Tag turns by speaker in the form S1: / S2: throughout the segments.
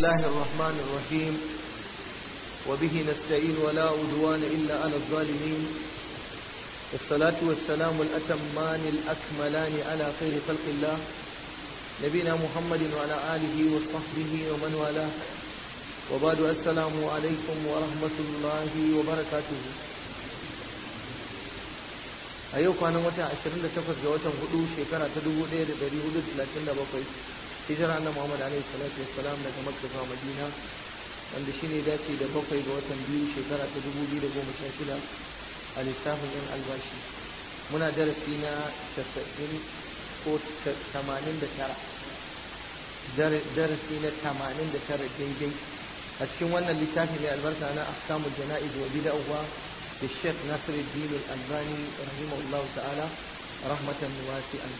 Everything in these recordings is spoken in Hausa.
S1: بسم الله الرحمن الرحيم وبه نستعين ولا عدوان إلا على الظالمين والصلاة والسلام الأتمان الأكملان على خير خلق الله نبينا محمد وعلى آله وصحبه ومن والاه وبعد السلام عليكم ورحمة الله وبركاته أيوك أنا متى عشرين لتفت جواتا هدو شكرا تدو لير دريو لتلاتين لبقيت hijira na Muhammad alaihi salatu wassalam daga Makka zuwa Madina wanda shine dace da bakwai ga watan biyu shekara ta 2016 a lissafin yan albashi muna darasi na 90 ko 89 darasi na 89 daidai a cikin wannan littafi mai albarka na ahkamul jana'iz wa bid'ah da Sheikh Nasiruddin Al-Albani rahimahullahu ta'ala rahmatan wasi'an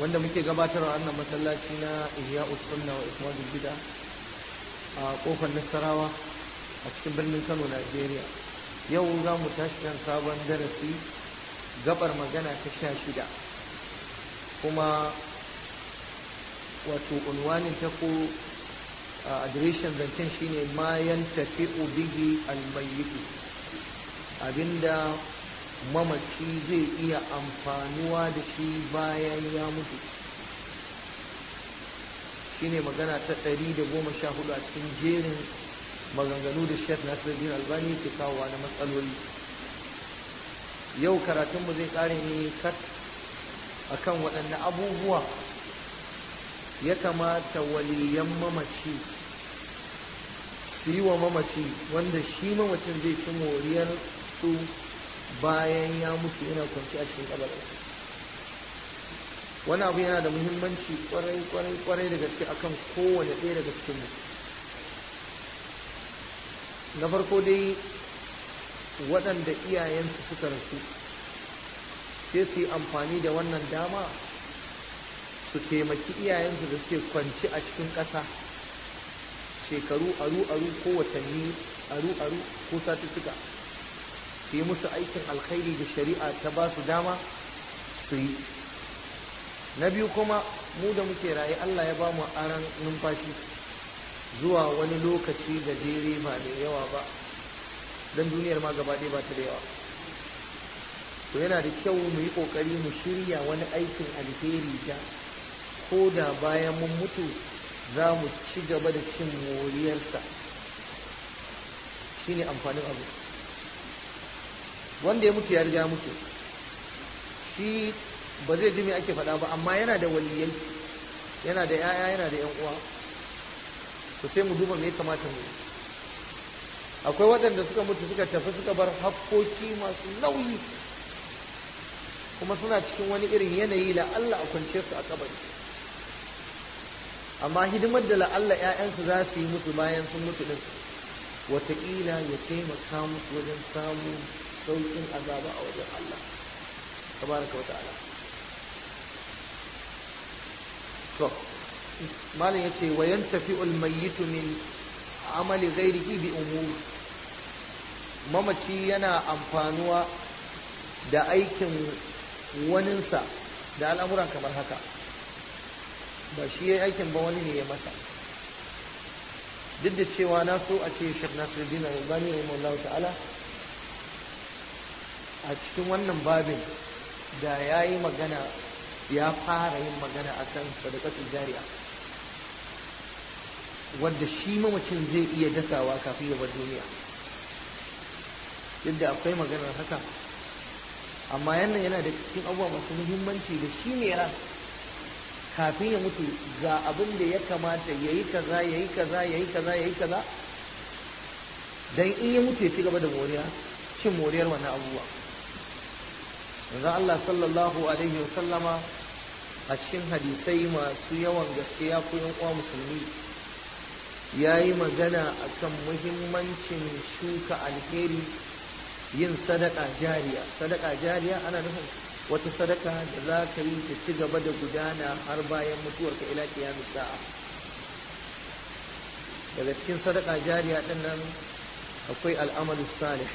S1: wanda muke gabatar a wannan masallaci na ihya sunna wa ismadul bid'a a kofar nasarawa a cikin birnin kano najeriya yau za mu tashi kan sabon darasi gabar magana ta sha shida kuma wato unwanin ta ko adireshin zancen shine mayan tafi ubigi almayyitu abinda mamaci zai iya amfanuwa da shi bayan ya mutu shine magana ta ɗari da goma sha hudu a cikin jerin maganganu da Sheikh Nasiruddin Albani ke kawowa na matsaloli yau karatunmu zai kare ne kat kan waɗanne abubuwa ya kamata waliyan mamaci su yi wa mamaci wanda shi mamacin zai ci moriyar su bayan ya mutu yana kwanci a cikin kabarin wani abu yana da muhimmanci kwarai kwarai kwarai da gaske akan kowane ɗaya daga cikin mu na farko dai waɗanda iyayensu suka rasu sai su yi amfani da wannan dama su taimaki iyayensu da suke kwanci a cikin ƙasa shekaru aru aru ko watanni aru aru ko satuttuka su yi musu aikin alkhairi da shari'a ta ba su dama su yi na biyu kuma mu da muke raye Allah ya ba mu aran numfashi zuwa wani lokaci gajere ba da yawa ba don duniyar ma gaba ɗaya ba ta da yawa to yana da kyau mu yi ƙoƙari mu shirya wani aikin alheri da ko da bayan mun mutu za mu ci gaba da cin moriyarsa shine amfanin abu wanda ya mutu ya riga mutu shi ba zai ji me ake faɗa ba amma yana da waliyai yana da yaya yana da yan uwa to sai mu duba me ya kamata mu akwai waɗanda suka mutu suka tafi suka bar hakkoki masu nauyi kuma suna cikin wani irin yanayi la Allah a kwance su a kabari amma hidimar da la Allah ƴaƴansu za su yi mutu bayan sun mutu din wataƙila ya taimaka musu wajen samun saukin azaba a wajen Allah tabaraka wa ta'ala to malam yace wa yantafi'u al-mayyit min amali ghairihi bi umur mamaci yana amfanuwa da aikin waninsa da al'amuran kamar haka ba shi ya aikin ba wani ne ya masa duk da cewa na so a ce shek nasiruddin al-albani rahimahullahu ta'ala a cikin wannan babin da ya yi magana ya fara yin magana a kan sadakatun jariya wadda shi mamacin zai iya dasawa kafin ya bar duniya yadda akwai maganar haka amma yannan yana da cikin abubuwa masu muhimmanci da shi ne ya kafin ya mutu ga abin da ya kamata ya yi kaza ya yi kaza ya yi kaza ya yi kaza don in ya mutu ya ci gaba da moriya cin moriyar wannan abubuwa manzo Allah sallallahu alaihi wasallama a cikin hadisai masu yawan gaskiya ko yan uwa musulmi yi magana akan muhimmancin shuka alheri yin sadaka jariya sadaka jariya ana nufin wata sadaka da za ka yi ta ci gaba da gudana har bayan mutuwarka ila kiyamis sa'a daga cikin sadaka jariya dinnan akwai al'amalin salih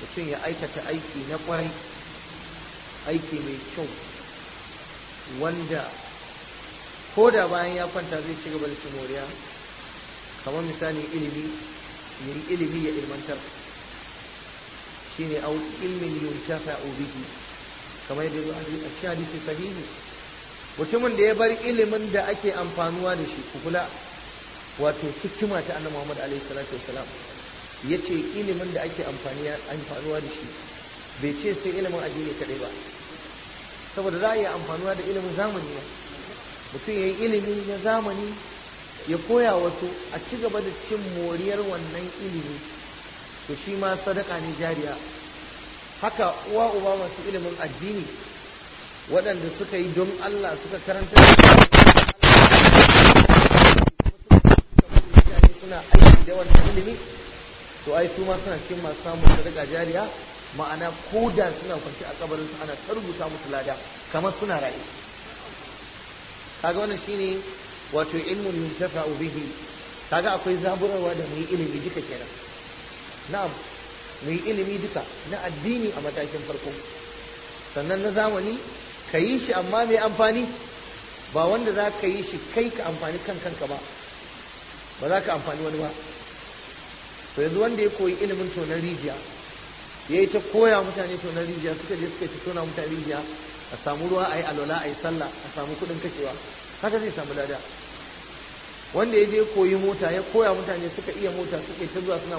S1: mutum ya aikata aiki na kwarai aiki mai kyau wanda ko da bayan ya kwanta zai ci gaba da ci moriya kamar misali ilimi yayi ilimi ya ilmantar ne au ilmin yuntafa bihi kamar yadda zo a cikin hadisi sahihi mutumin da ya bar ilimin da ake amfanuwa da shi kula wato hikima ta annabi Muhammad alaihi salatu wasalam yace ilimin da ake amfanuwa da shi bai ce sai ilimin addini kaɗai ba saboda za a yi amfanuwa da ilimin zamani ne mutum ya yi ilimi na zamani ya koya wasu a ci gaba da cin moriyar wannan ilimi to shi ma sadaka ne jariya haka uwa uba masu ilimin addini waɗanda suka yi don Allah suka karanta suna aiki da wannan ilimi to ai su ma suna cin masu samun sadaka jariya ma'ana ko da suna kwanci a su ana ta rubuta musu lada kamar suna raye kaga wannan shine wato ilmun yuntafa'u bihi kaga akwai zaburarwa da mai ilimi duka kenan na'am mai ilimi duka na addini a matakin farko sannan na zamani ka yi shi amma mai amfani ba wanda za ka yi shi kai ka amfani kan kanka ba ba za ka amfani wani ba to yanzu wanda ya koyi ilimin tonon rijiya yi ta koya mutane to na rijiya suka je suka ci tona mutane rijiya a samu ruwa a alola alwala yi sallah a samu kuɗin kashewa haka zai samu lada wanda ya je koyi mota ya koya mutane suka iya mota suke ta zuwa suna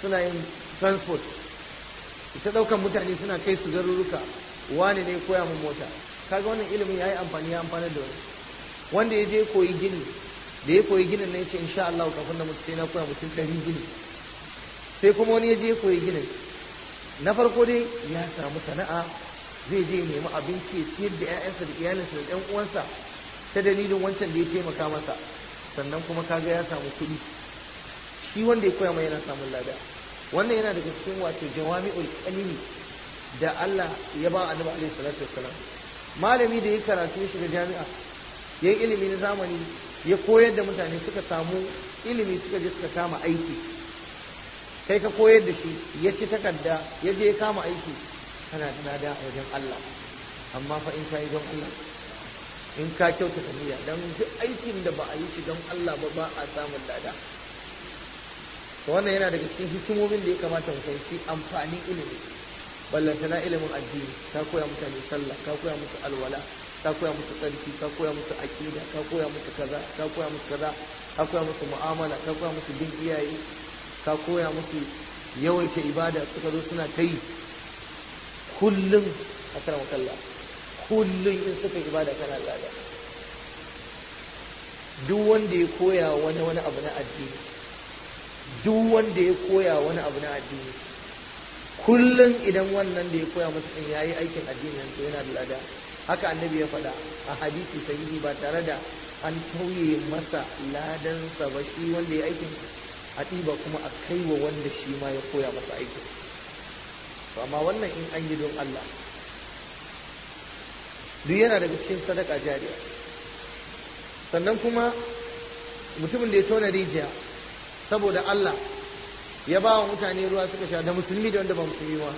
S1: suna yin transport ita ɗaukan mutane suna kai su garuruka wani ne koya mun mota kaga wannan ilimin ya yi amfani ya amfana da wani wanda ya je koyi gini da ya koyi ginin nan ce insha Allah kafin da mutu sai na koya mutum ɗari gini sai kuma wani ya je koyi ginin na farko dai ya samu sana'a zai je nemi abinci ya ciyar da 'ya'yansa da iyalinsa da 'yan uwansa ta dalilin wancan da ya taimaka masa sannan kuma kaga ya samu kuɗi shi wanda ya koya mai yana samun lada wannan yana daga cikin wato jawami'ul kalimi da Allah ya ba annabi alaihi salatu wassalam malami da ya karatu ya shiga jami'a yayin ilimi na zamani ya koyar da mutane suka samu ilimi suka je suka kama aiki kai ka koyar da shi ya ci takarda ya je ya kama aiki kana tunada a wajen Allah amma fa in ka yi don Allah in ka kyautata niyya don duk aikin da ba a yi shi don Allah ba ba a samun lada wannan yana daga cikin hikimomin da ya kamata mu fahimci amfanin ilimi ballantana ilimin addini ka koya mutane sallah ka koya musu alwala ka koya musu tsarki ka koya musu akida ka koya musu kaza ka koya musu kaza ka koya musu mu'amala ka koya musu bin iyaye ka koya musu yawaita ibada suka zo suna ta yi kullum a karan wakalla kullum in suka yi ibada kana lada duk wanda ya koya wani wani abu na addini duk wanda ya koya wani abu na addini kullum idan wannan da ya koya musu ɗin ya yi aikin nan to yana da lada haka annabi ya faɗa a hadisi sahihi ba tare da an tauye masa ladansa ba shi wanda ya aikin a ɗiba kuma a kai wa wanda shi ma ya koya masa aikin amma wannan in an yi don Allah duk yana daga cikin sadaka jariya sannan kuma mutumin da ya tona rijiya saboda Allah ya ba wa mutane ruwa suka sha da musulmi da wanda ba musulmi ba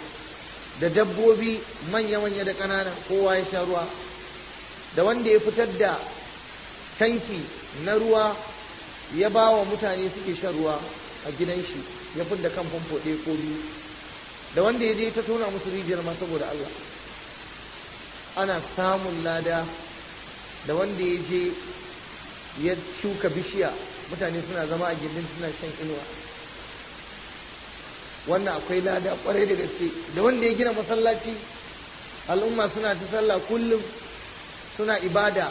S1: da dabbobi manya-manya da ƙanana kowa ya sha ruwa da wanda ya fitar da tanki na ruwa ya ba wa mutane suke shan ruwa a gidan shi ya da kan famfo ɗaya ko biyu da wanda ya je ta tona musu rijiyar ma saboda Allah ana samun lada da wanda ya je ya shuka bishiya mutane suna zama a gindin suna shan inuwa wannan akwai lada kwarai da gaske da wanda ya gina masallaci al'umma suna ta sallah kullum suna ibada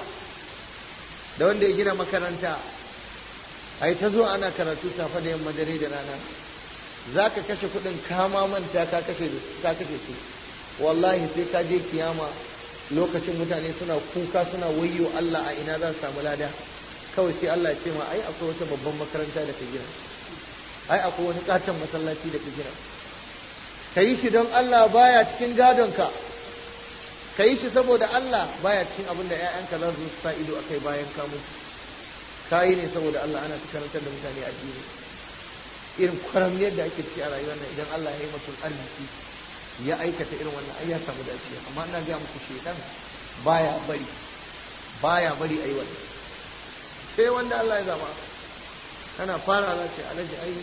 S1: da wanda ya gina makaranta ai ta zo ana karatu safe da yamma dare da rana za ka kashe kuɗin kama manta ka kashe su wallahi sai ka je kiyama lokacin mutane suna kuka suna wayo Allah a ina za su samu lada kawai sai Allah ce ma ai akwai wata babban makaranta da ka gina ai akwai wani katon masallaci da ka gina ka yi shi don Allah baya cikin gadonka ka yi shi saboda Allah baya cikin abin da 'ya'yanka zo su sa ido a kai bayan kamun ta yi ne saboda Allah ana karantar da mutane addini irin kwaram yadda ake ciki a rayuwar nan idan Allah ya yi mutum arziki ya aikata irin wannan ai ya samu dace amma ina gaya muku shedan baya bari baya bari ayi wannan sai wanda Allah ya zaba kana fara za ka alaji ai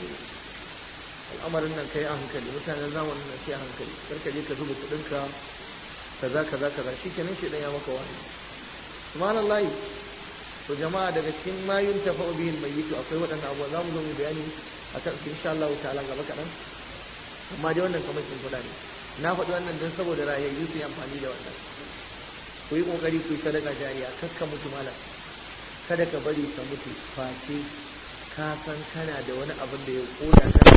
S1: al'amarin nan kai a hankali mutanen zamanin nan sai a hankali karka je ka zuba kuɗinka kaza kaza kaza shikenan shedan ya maka wani subhanallahi to jama'a daga cikin ma mai yi to akwai waɗannan abubuwa za mu zo mu bayani kan su insha Allah ta'ala gaba kaɗan amma dai wannan kamar kin kuɗa ne na faɗi wannan don saboda rayayyu su yi amfani da wannan ku yi ƙoƙari ku yi sadaka jariya kakka mutu mala kada ka bari ka mutu face ka san kana da wani abin da ya koda kana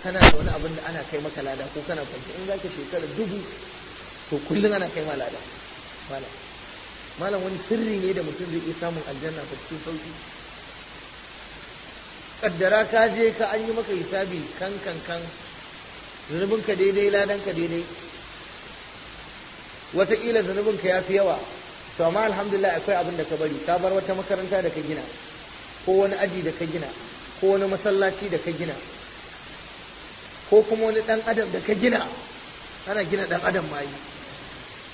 S1: kana da wani abin da ana kai maka lada ko kana kwanci in za ka shekara dubu to kullum ana kai malada malam malam wani sirri ne da mutum zai iya samun aljanna ta cikin sauki kaddara ka je ka an yi maka hisabi kan kan kan ka daidai ladan ka daidai zunubin ka ya fi yawa to amma alhamdulillah akwai abin da ka bari ka bar wata makaranta da ka gina ko wani aji da ka gina ko wani masallaci da ka gina ko kuma wani ɗan adam da ka gina ana gina ɗan adam ma yi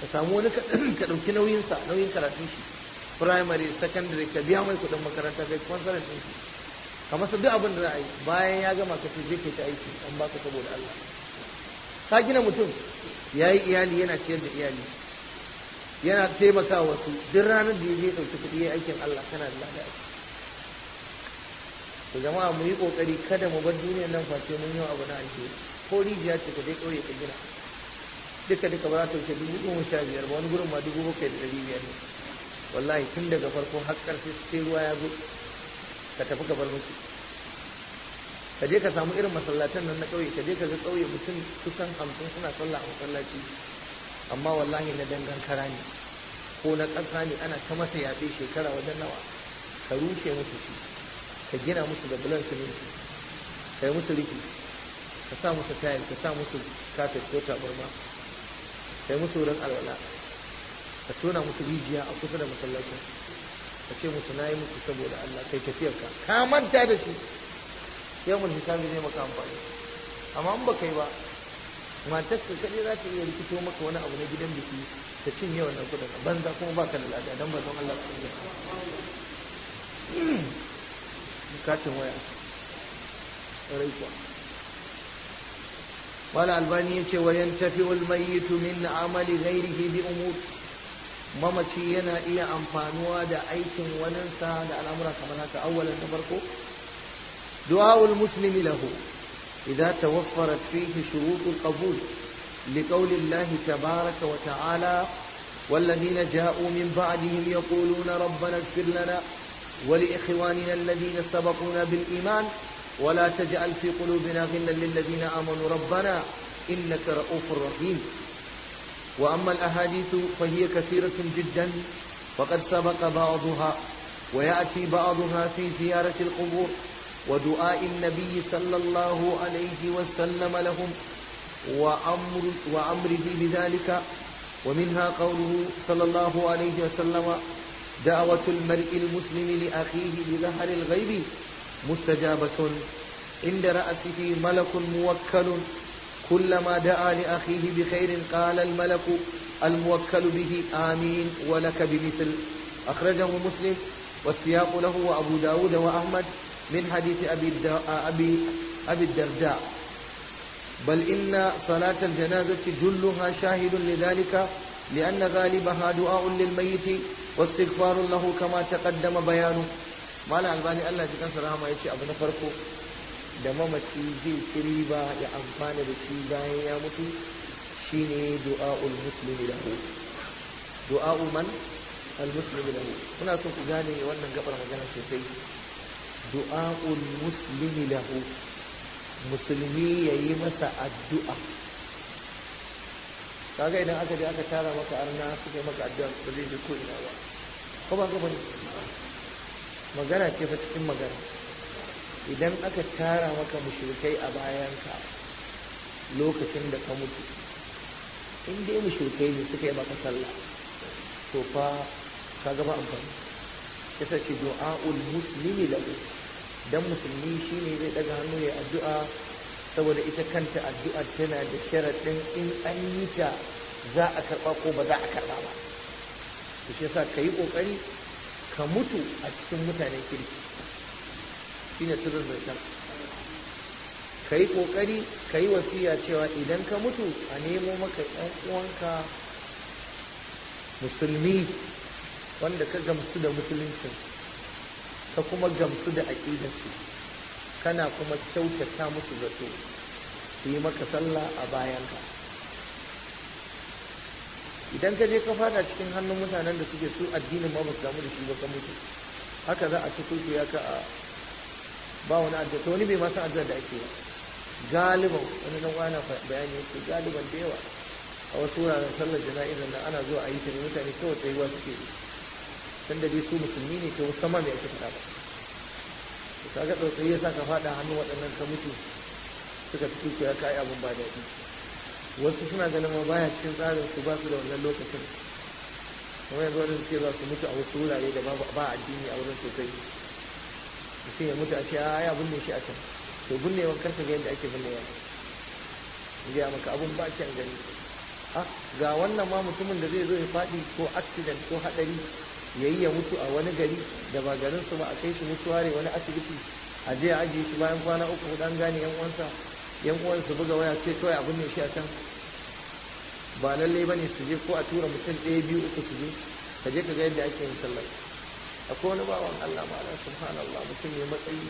S1: ka samu wani ka ɗauki nauyinsa nauyin karatun shi primary secondary ka biya mai kuɗin makaranta kai kwansarar ɗin shi ka masa duk abin da za a yi bayan ya gama ka ce zai ke ta aiki an baka saboda Allah ka gina mutum ya yi iyali yana ciyar da iyali yana taimaka wasu duk ranar da ya je ɗauki kuɗi ya aikin Allah kana da lada to jama'a mu yi ƙoƙari kada mu bar duniyar nan face mun yi abu na alheri ko rijiya ce ka je ƙauye ka gina duka duka ba za ta wuce dubu goma sha biyar ba wani gurin ma dubu bakwai da ɗari biyar ne. wallahi tun daga farko har sai ruwa ya zo ka tafi gabar musu. ka je ka samu irin masallatan nan na ƙauye ka je ka ga ƙauye mutum kusan hamsin suna sallah a masallaci amma wallahi na dangan kara ne ko na ƙasa ne ana ta masa yaɓe shekara wajen nawa ka rushe musu shi ka gina musu da bulan siminti ka yi musu riki ka sa musu tayar ka sa musu kafet ko tabarma kai musu wurin alwala ka tona musu rijiya a kusa da masallacin ka ce musu na yi musu saboda Allah kai tafiyarka ka manta da shi mun hisabi zai maka amfani amma in ba kai ba matar ka kaɗai za ta iya rikito maka wani abu na gidan biki ta cinye wannan kuɗin a banza kuma baka da lada don ba don Allah ka yi katin waya rai kuwa قال الباني وينتفع الميت من عمل غيره بامور ماما تي ينا ايا امفانوا ده ايكن وننسا ده الامر كما هكا اولا نبركو دعاء المسلم له اذا توفرت فيه شروط القبول لقول الله تبارك وتعالى والذين جاءوا من بعدهم يقولون ربنا اغفر لنا ولاخواننا الذين سبقونا بالايمان ولا تجعل في قلوبنا غلا للذين آمنوا ربنا إنك رؤوف رحيم وأما الأحاديث فهي كثيرة جدا وقد سبق بعضها ويأتي بعضها في زيارة القبور ودعاء النبي صلى الله عليه وسلم لهم وأمر وأمره بذلك ومنها قوله صلى الله عليه وسلم دعوة المرء المسلم لأخيه بظهر الغيب مستجابة عند رأسه ملك موكل كلما دعا لأخيه بخير قال الملك الموكل به آمين ولك بمثل أخرجه مسلم والسياق له وأبو داود وأحمد من حديث أبي, أبي, أبي الدرداء بل إن صلاة الجنازة جلها شاهد لذلك لأن غالبها دعاء للميت واستغفار له كما تقدم بيانه malam albani Allah ji kansa rahama ce abu na farko da mamaci zai ci riba ya amfana da shi bayan ya mutu shine du'aul muslimi lahu du'a'u man al-muslimi lahu kuna son ku gane wannan gabar magana sosai du'a'ul muslimi lahu musulmi yayi masa addu'a kaga idan aka je aka tara maka arna suke maka addu'a ba zai ko ina ba ko ba ka magana ce fa cikin magana idan aka tara maka mushrikai a bayanka lokacin da ka mutu in dai mushrikai ne suka yi maka sallah to fa ka gaba amfani sa ce du'a'ul muslimi lahu dan musulmi shine zai daga hannu ya addu'a saboda ita kanta addu'a tana da sharaɗin in an yi ta za a karɓa ko ba za a karɓa ba to shi yasa ka yi ƙoƙari ka mutu a cikin mutanen kirki shi ne sirrin zancen ka yi ƙoƙari ka yi wasiya cewa idan ka mutu a nemo maka ‘yan uwanka musulmi wanda ka gamsu da Musulunci, ka kuma gamsu da aƙidarsu kana kuma kyautata musu zato su yi maka sallah a bayanka idan ka je ka fada cikin hannun mutanen da suke su addinin ma ba su damu da shi ba ka mutu haka za a ci ya ka a ba wani addu'a to wani bai ma san addu'a da ake ba galiban wani nan wani bayani yake galiban da yawa a wasu wuraren sallar jana'izar nan ana zuwa a yi tare mutane kawai tsayuwa suke yi tun da dai su musulmi ne to sama mai ake fada ba ka ga tsautsayi ya sa ka fada hannun waɗannan ka mutu suka fi kulku ya ka yi abin ba daɗi wasu suna ganin ma baya cikin tsarin su basu da wannan lokacin kuma yanzu wani suke za su mutu a wasu wurare da ba addini a wurin sosai mutum ya mutu a ce ya binne shi a can to binnewan karfe ga yadda ake binnewa ya maka abun ba an gani ga wannan ma mutumin da zai zo ya faɗi ko accident ko haɗari ya yi ya mutu a wani gari da ba garin ba a kai shi mutuware wani asibiti a je a ajiye shi bayan kwana uku hudu gane yan uwansa yan uwan su buga waya sai kawai abin ne shi a can ba lalle ba ne su je ko a tura mutum ɗaya biyu uku su je ka je ka ga yadda ake yin sallah akwai wani bawan Allah ma Allah subhanallah mutum ne matsayi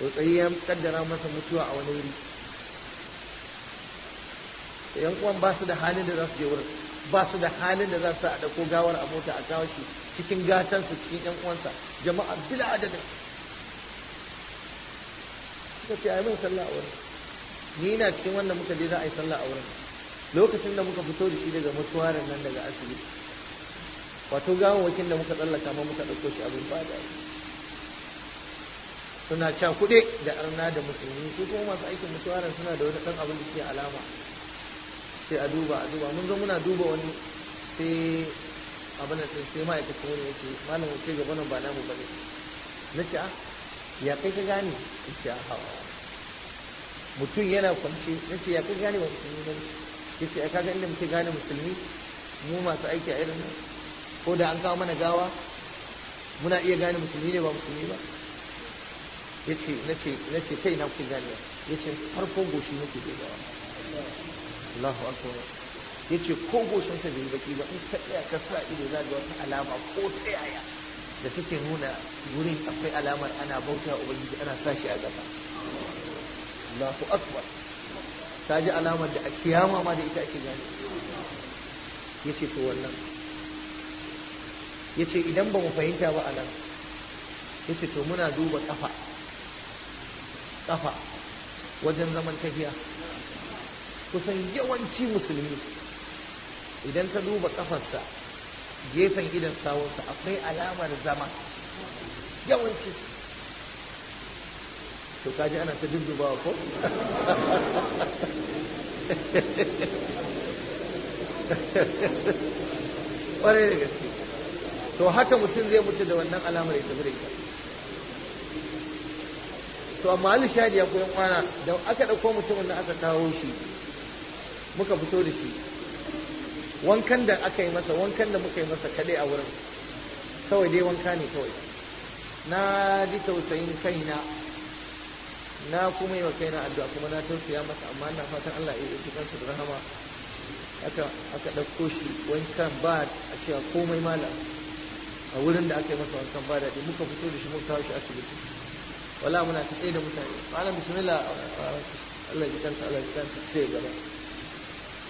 S1: matsayi ya kaddara masa mutuwa a wani wuri yan uwan ba su da halin da za su je wurin ba su da halin da za su a dako gawar a mota a kawo shi cikin gatansu cikin yan uwansa jama'a bila adadin suka ce ai mun sallah a wurin ni na cikin wanda muka je za a yi sallah a wurin lokacin da muka fito da shi daga mutuwarin nan daga asibiti wato gawawwakin da muka tsallaka ma muka ɗauko shi abin bada suna cha kuɗe da arna da musulmi su kuma masu aikin mutuwarin suna da wani ɗan abin da ke alama sai a duba a duba mun zo muna duba wani sai abin da sai ma'aikacin wani yake malam wuce gaba nan ba namu ba ne na ce ah, ya kai ka gane in ce a ah, hawa mutum yana kwance na ce ya kai gane wa musulmi ba ya ce ka ga inda muke gane musulmi mu masu aiki a irin nan ko da an kawo mana gawa muna iya gane musulmi ne ba musulmi ba ya ce na ce kai na kuke gane ya ce ko goshi nake bai gawa Allahu akbar ya ce ko goshinsa bai baki ba in ka tsaya ka sa ido za ga wata alama ko ta yaya da take nuna wurin akwai alamar ana bauta ubangiji ana sa shi a gaba Allahu akbar ta ji alamar da a kiyama ma da ita ake gane ce to wannan ce idan ba mu fahimta ba ya ce to muna duba kafa kafa wajen zaman tafiya kusan yawanci musulmi idan ta duba kafarsa gefen idan sawunsa akwai alamar zama yawanci to kaji ana ta dindubawa ko ƙwarai da gaske to haka mutum zai mutu da wannan alamar ya tafi da ita to amma alishadi ya koyan kwana da aka dauko mutumin da aka kawo shi muka fito da shi wankan da aka yi masa wankan da muka yi masa kaɗai a wurin kawai dai wanka ne kawai na ji tausayin kaina na kuma yi wa kaina addu'a kuma na tausaya masa amma ina fatan Allah ya yi kansa da rahama aka aka dauko shi wankan ba a cewa komai malam a wurin da aka yi masa wankan ba daɗi muka fito da shi muka kawo shi asibiti wala muna ta da mutane malam bismillah Allah ya kansa Allah ya kansa sai gaba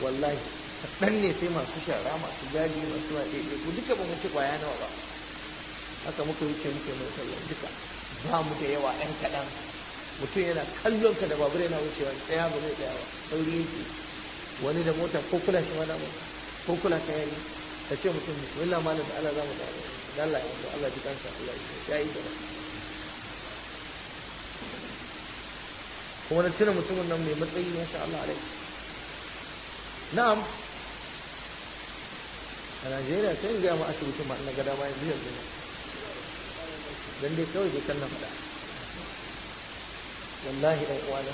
S1: wallahi kaɗan ne sai masu shara masu gadi masu waɗe ku duka ba mu ci kwaya nawa ba haka muka wuce muke mai sallah duka ba mu da yawa ɗan kaɗan mutum yana kallon ka da babur yana wucewa tsaya ba zai tsaya ba sauri yake wani da mota ko kula shi mana mota ko kula ka yayi ka ce mutum bismillah malam da Allah za mu tsaya da Allah ya Allah ji kansa Allah ya yi da kuma na tuna mutumin nan mai matsayi sha Allah alai na'am a Najeriya sai ga mu asibitin ma na gada ma yanzu yanzu dan dai kawai dai kallon na faɗa wallahi ɗan uwana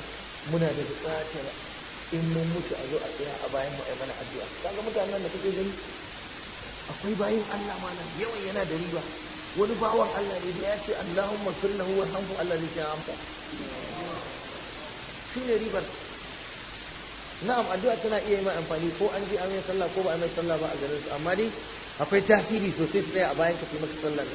S1: muna da buƙatar in mun mutu a zo a tsaya a bayan mu mana addu'a kaga mutanen da kake gani akwai bayin Allah ma nan yawan yana da riba wani bawan Allah ne ya ce Allahumma wa warhamhu Allah zai ya amsa shine ribar na'am addu'a tana iya yi mai amfani ko an ji an yi sallah ko ba a yi sallah ba a garin su amma dai akwai tasiri sosai tsaya a bayan ka kai maka sallar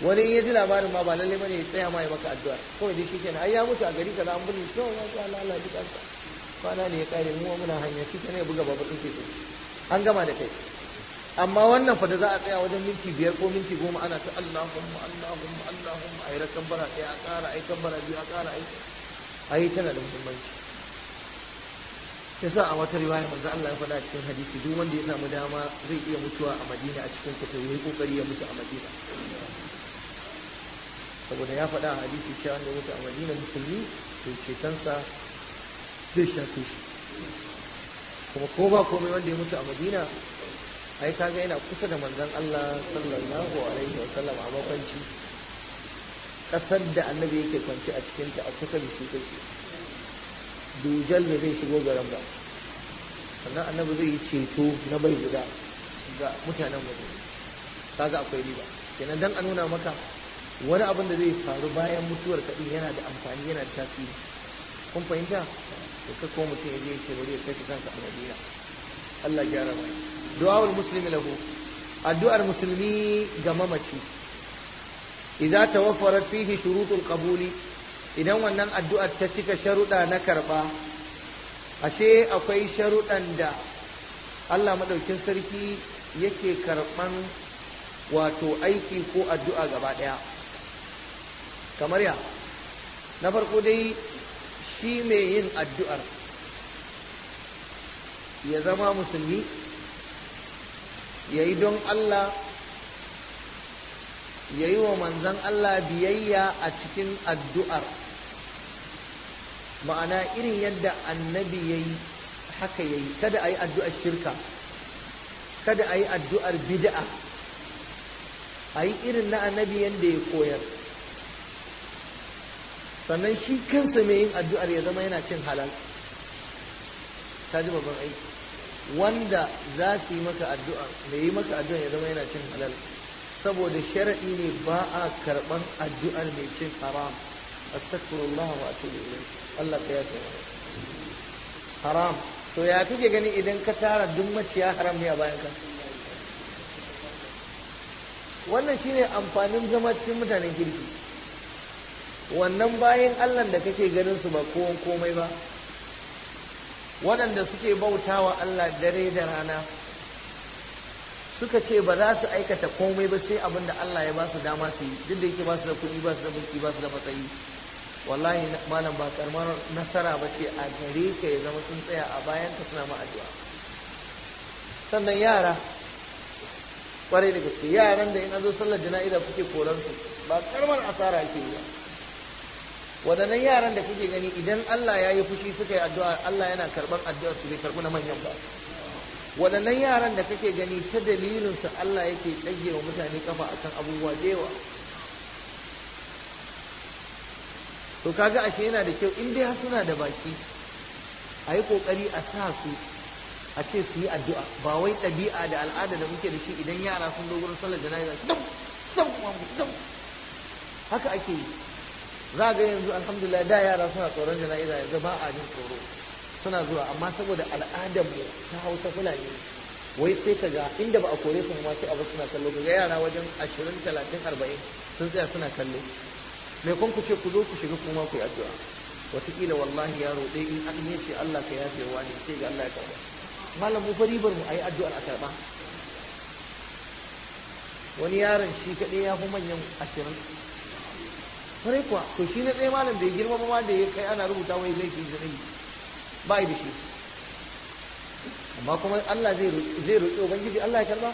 S1: wani ya ji labarin ma ba lalle bane ya tsaya ma ya maka addu'a kawai dai shi kenan ai ya mutu a gari kaza an burne to ya ji Allah Allah ji kwana ne ya kare mu muna hanya shi kenan ya buga babu din sai an gama da kai amma wannan fa da za a tsaya wajen minti biyar ko minti goma ana ta Allahumma Allahumma Allahumma ai rakan bara a ƙara ai kan bara biyu a ƙara ai ai tana da muhimmanci yasa a wata riwaya manzo Allah ya faɗa cikin hadisi duk wanda ya samu dama zai iya mutuwa a Madina a cikin ta yayi kokari ya mutu a Madina saboda ya faɗa a hadisi cewa wanda mutu a madina musulmi to cetonsa zai shafe shi kuma ko ba komai wanda ya mutu a madina ai kaga yana kusa da manzon Allah sallallahu alaihi wa sallam a makwanci kasar da annabi yake kwanci a cikin ta a kusa da shi kake dujal da zai shigo garin ba sannan annabi zai yi ceto na bai guda ga mutanen madina kaga akwai riba kenan dan a nuna maka wani abin da zai faru bayan mutuwar kaɗi yana da amfani yana da tasiri kun fahimta da ka kuma mutum ya je ya ce bari ya kashe kansa a madina Allah gyara mai du'awul muslimi lahu addu'ar musulmi ga mamaci idan wafa tawaffarat fihi shurutul qabuli idan wannan addu'ar ta cika sharuɗa na karɓa ashe akwai sharuɗan da Allah madaukin sarki yake karɓan wato aiki ko addu'a gaba ɗaya kamar ya na farko dai shi mai yin addu'ar ya zama musulmi ya yi don Allah ya yi wa manzan Allah biyayya a cikin addu'ar ma'ana irin yadda annabi ya yi haka ya yi kada a yi addu'ar shirka kada a yi addu'ar bid'a a yi irin na annabi yadda ya koyar sannan shi kansa mai yin addu'ar ya zama yana cin halal ta ji babban aiki wanda za su yi maka addu'a mai yi maka addu'a ya zama yana cin halal saboda sharaɗi ne ba a karɓan addu'ar mai cin haram astaghfirullah wa atubu ilayh Allah ka yi. haram to ya ke gani idan ka tara duk maciya haram ne a bayan ka wannan shine amfanin zama cikin mutanen kirki wannan bayan allah da kake ganin su ba kowon komai ba waɗanda suke bauta wa allah dare da rana suka ce ba za su aikata komai ba sai abin da allah ya ba su dama su yi duk da yake ba su da kuɗi ba su da mulki ba su da matsayi wallahi malam ba karmar nasara ba ce a gare ka ya zama sun tsaya a bayan ka suna ma sannan yara kwarai da gaske yaran da in zo sallar jana'iza kuke koransu ba karmar asara ke yi ba Waɗannan yaran da kuke gani idan Allah ya yi fushi suka yi addu'a Allah yana karɓar addu'ar su bai karɓi na manyan ba wadannan yaran da kake gani ta dalilin su Allah yake tsage wa mutane kafa akan abubuwa da yawa to kaga ashe yana da kyau in dai suna da baki a yi kokari a sa su a ce su yi addu'a ba wai ɗabi'a da al'ada da muke da shi idan yara sun dogon sallar jana'iza dam dam haka ake yi za ga yanzu alhamdulillah da yara suna tsoron jana'iza yanzu ba a jin tsoro suna zuwa amma saboda al'adar mu ta hausa fulani wai sai ka ga inda ba a kore su ma sai abu suna kallo ga yara wajen 20 30 40 sun tsaya suna kallo me kun ku ce ku zo ku shiga kuma ku yi addu'a wataƙila wallahi yaro ɗaya in an ce Allah ka yafe wa ne sai ga Allah ya karɓa malam mu fari bar mu ayi addu'ar a karɓa wani yaron shi kaɗai ya fi manyan ashirin kwarai kuwa to shi na tsaye malam da ya girma ba da ya kai ana rubuta wai laifi da yi ba da shi amma kuma Allah zai roƙi ubangiji Allah ya karba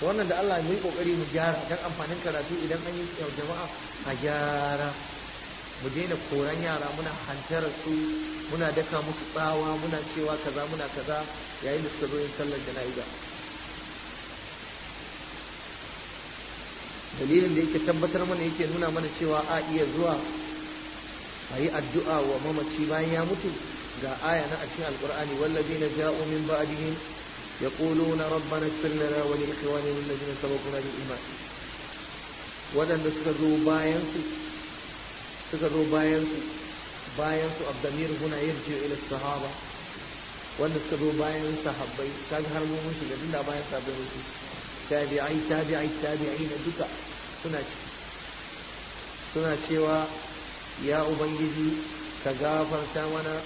S1: to wannan da Allah mu yi kokari mu gyara dan amfanin karatu idan an yi jama'a a gyara mu daina koran yara muna hantar su muna daka musu tsawa muna cewa kaza muna kaza yayin da suka zo yin sallar jana'iza dalilin da yake tabbatar mana yake nuna mana cewa a iya zuwa a yi addu'a wa mamaci bayan ya mutu ga aya na cikin alkur'ani wallazi na ja'u min ba'dihim yaquluna rabbana ighfir lana wa li ikhwanina alladhina sabaquna bil iman wadanda suka zo bayan su suka zo bayan su bayan su abdamir huna yarji ila sahaba wanda suka zo bayan sahabbai kaga har mun shiga tunda bayan sahabbai tabi'ai tabi'ai tabi'ai na duka suna ce suna cewa ya ubangiji ka gafarta mana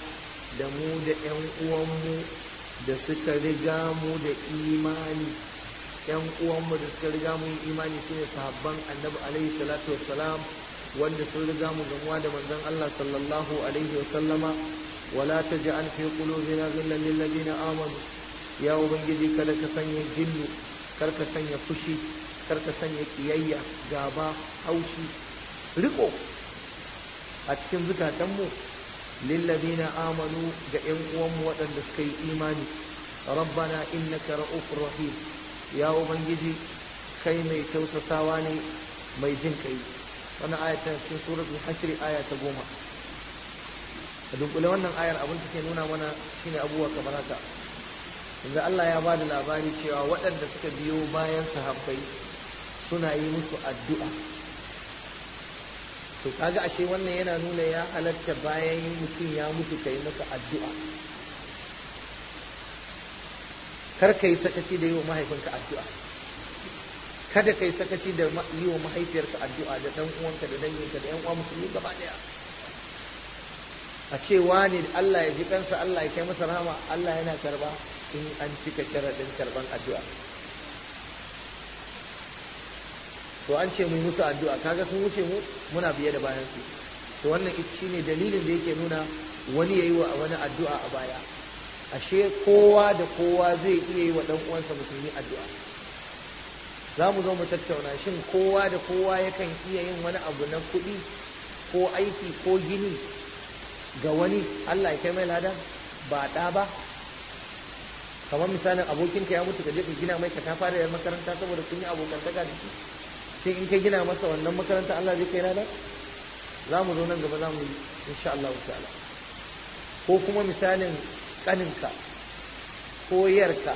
S1: da mu da 'yan uwanmu da suka riga mu da imani ‘yan uwanmu da suka riga mu imani su sahabban annabi alaihi salatu wassalam wanda sun riga mu gamuwa da manzon Allah sallallahu alaihi wasallama wala taj'al fi qulubina ghillan lil ladina amanu ya ubangiji kada ka sanya gillu karka sanya fushi karka sanya kiyayya gaba haushi riko a cikin zukatanmu lillazina amanu ga yan uwanmu waɗanda suka yi imani rabbana innaka ra'ufur rahim ya ubangiji kai mai tausasawa ne mai jin kai wannan aya ta cikin suratul hashr aya ta goma a dunkule wannan ayar abin take nuna mana shine abubuwa kamar haka yanzu Allah ya ba da labari cewa waɗanda suka biyo bayan sahabbai suna yi musu addu'a to kaga ashe wannan yana nuna ya halatta bayan mutum ya mutu ka yi masa addu'a kar ka yi sakaci da yi wa mahaifinka addu'a kada ka yi sakaci da yi wa mahaifiyarka addu'a da ɗan uwanka da danginka da ‘yan uwa musulmi gaba ɗaya a cewa ne Allah ya ji kansa Allah ya kai masa rahama Allah yana karba in an cika sharaɗin tarban addu'a to an ce mu musu addu'a kaga sun wuce mu muna biye da bayan su to wannan ne dalilin da yake nuna wani yayi wa wani addu'a a baya ashe kowa da kowa zai iya yi wa dan uwansa musulmi addu'a za mu zo mu tattauna shin kowa da kowa yakan iya yin wani abu na kuɗi ko aiki ko gini ga wani Allah ya kai mai lada ba ɗa ba kamar misalin abokin ka ya mutu ka je ka gina mai ka fara yar makaranta saboda kun yi abokantaka da shi sai in ka gina masa wannan makaranta Allah zai kai lada za mu zo nan gaba za mu yi insha Allah ta'ala ko kuma misalin kaninka ko yarka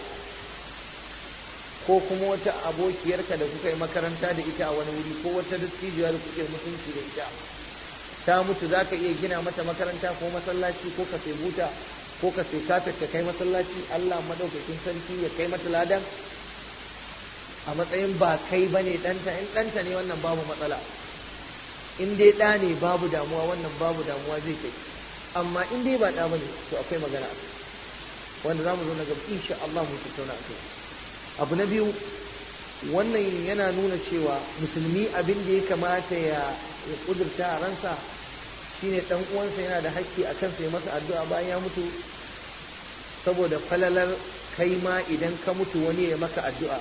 S1: ko kuma wata abokiyarka da kuka yi makaranta da ita a wani wuri ko wata dattijiya da kuke mutunci da ita ta mutu za ka iya gina mata makaranta ko masallaci ko ka buta ko ka sai kafet ka kai masallaci Allah madaukakin sarki ya kai mata ladan a matsayin ba kai bane ɗanta. in ɗanta ne wannan babu matsala in dai ɗa ne babu damuwa wannan babu damuwa zai kai amma in dai ba ɗa bane to akwai magana wanda za mu zo na gaba insha Allah mu tattauna kai abu na biyu wannan yana nuna cewa musulmi abin da ya kamata ya kudurta a ransa shine dan uwansa yana da hakki a kansa ya masa addu'a bayan ya mutu saboda falalar kai ma idan ka mutu wani ya maka addu'a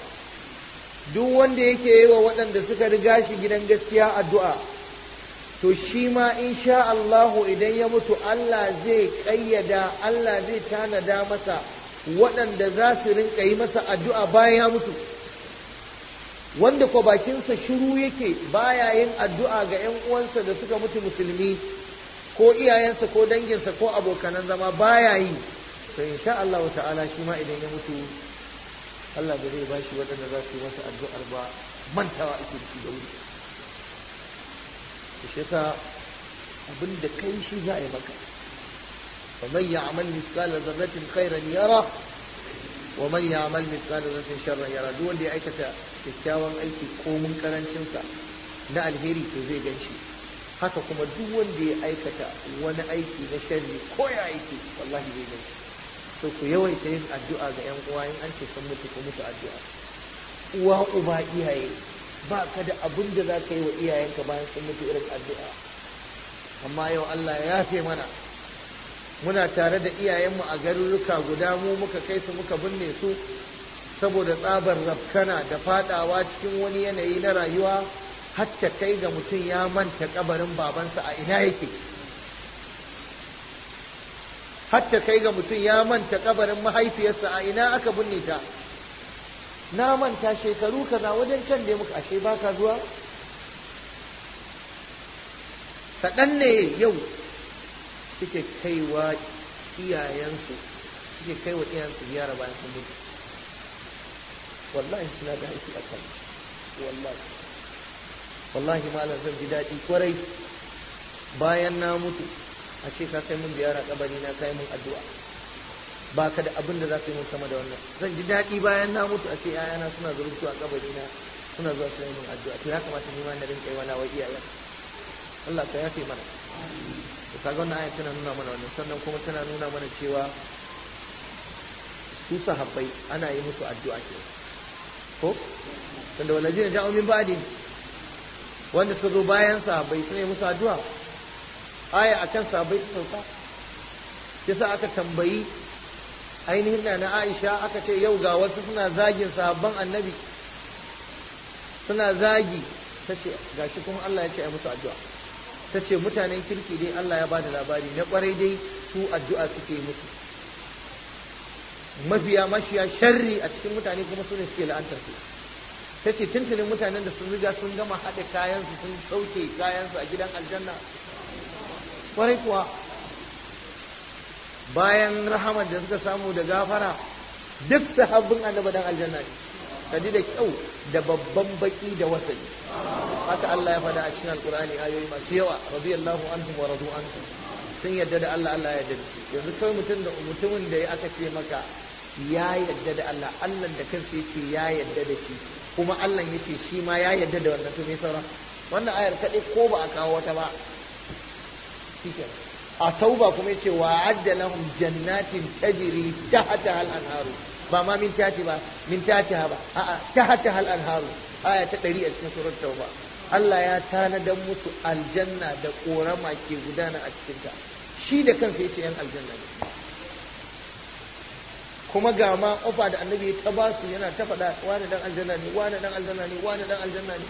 S1: duk wanda yake yi wa waɗanda suka riga shi gidan gaskiya addu'a to shi ma insha Allahu idan ya mutu Allah zai ƙayyada Allah zai tanada masa waɗanda za su rinka yi masa addu'a bayan ya mutu wanda kwa bakinsa shiru yake baya yin addu'a ga ‘yan uwansa da suka mutu musulmi ko iyayensa ko danginsa ko abokanan zama baya yi to sha Allah ta'ala shi ma idan ya mutu Allah ba zai bashi waɗanda za su yi masa addu'ar ba mantawa ake da shi da wuri to shi yasa abin da kai shi za a yi maka wa man ya'mal mithqala dharratin khairan yara wa man ya'mal mithqala dharratin sharran yara duk wanda ya aikata kyakkyawan aiki ko mun karancinsa na alheri to zai gan shi haka kuma duk wanda ya aikata wani aiki na sharri ko ya aiki wallahi zai gani to ku yawaita yin addu'a ga yan uwa in an ce sun mutu ku mutu addu'a uwa uba iyaye ba ka da abin da za ka yi wa iyayenka bayan sun mutu irin addu'a amma yau Allah ya yafe mana muna tare da iyayenmu a garuruka guda mu muka kai su muka binne su saboda tsabar rafkana da fadawa cikin wani yanayi na rayuwa hatta kai ga mutum ya manta kabarin babansa a ina yake hatta kai ga mutum ya manta kabarin mahaifiyarsa a ina aka binne ta na manta shekaru kaza wajen can da muka ashe baka zuwa kaɗan ne yau suke kaiwa iyayensu suke kaiwa iyayensu ziyara bayan sun mutu wallahi suna da haiti a kan wallahi wallahi malam zan ji daɗi kwarai bayan na mutu a ce ka kai mun ziyara kabari na kai mun addu'a ba ka da abin da za ka yi mun sama da wannan zan ji daɗi bayan na mutu a ce yayana suna zuwa a kabari na suna zuwa su yi mun addu'a to ya kamata ni ma na rinka yi wa nawa iyayen Allah ka yafe mana to kaga wannan ayat tana nuna mana wannan sannan kuma tana nuna mana cewa su sahabbai ana yi musu addu'a ke ko tunda walajina ja'u min ba'di wanda suka zo bayan sahabbai su ne musu addu'a aya kan sahabbai ta sauka ya sa aka tambayi ainihin na Aisha aka ce yau ga wasu suna zagin sahabban annabi suna zagi ta ce gashi kuma Allah ya ce ai musu addu'a ta ce mutanen kirki dai Allah ya bada labari na kwarai dai su addu'a suke musu mafiya mashiya sharri a cikin mutane kuma su ne suke la'antar su ta ce tuntunin mutanen da sun riga sun gama haɗe kayansu sun sauke kayansu a gidan aljanna kwarai kuwa bayan rahamar da suka samu da gafara duk sahabbin annaba dan aljanna ne kaji da kyau da babban baki da wasani haka Allah ya faɗa a cikin alkur'ani ayoyi masu yawa radiyallahu anhum wa radu anhum sun yadda da Allah Allah ya yarda yanzu kai mutum da mutumin da ya aka ce maka ya yadda da Allah Allah da kansa yake ya yadda da shi kuma Allah ya ce shi ma ya yarda da wannan to sauran wannan ayar kaɗai ko ba a kawo wata ba a tauba kuma yace wa ajjalahum jannatin tajri tahtaha al-anharu ba ma min tati ba min tatiha ba a'a hal al-anharu aya ta ɗari a cikin surar tauba Allah ya tanadar musu aljanna da ƙorama ke gudana a cikinta shi da kansa yace yan aljanna ne kuma ga ma ofa da annabi ta basu yana ta faɗa wani dan aljanna ne wani dan aljanna ne wani dan aljanna ne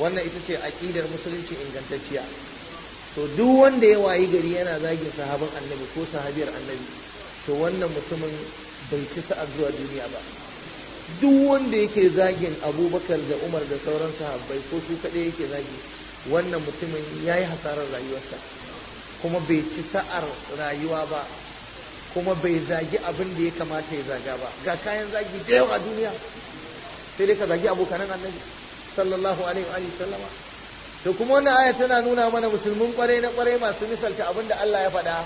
S1: wannan ita ce aqidar musulunci ingantacciya to duk wanda ya wayi gari yana zagin sahaban annabi ko sahabiyar annabi to wannan mutumin bai ci sa'ar zuwa duniya ba duk wanda yake zagin abubakar da umar da sauran sahabbai ko su kaɗai yake zagi wannan mutumin ya yi hasarar rayuwarsa kuma bai ci sa'ar rayuwa ba kuma bai zagi abin da ya kamata ya zaga ba ga kayan zagi da yawa a duniya sai dai ka zagi abokanan annabi sallallahu alaihi wa sallama to kuma wannan aya tana nuna mana musulmin kwarai na kwarai masu misalta abin da Allah ya faɗa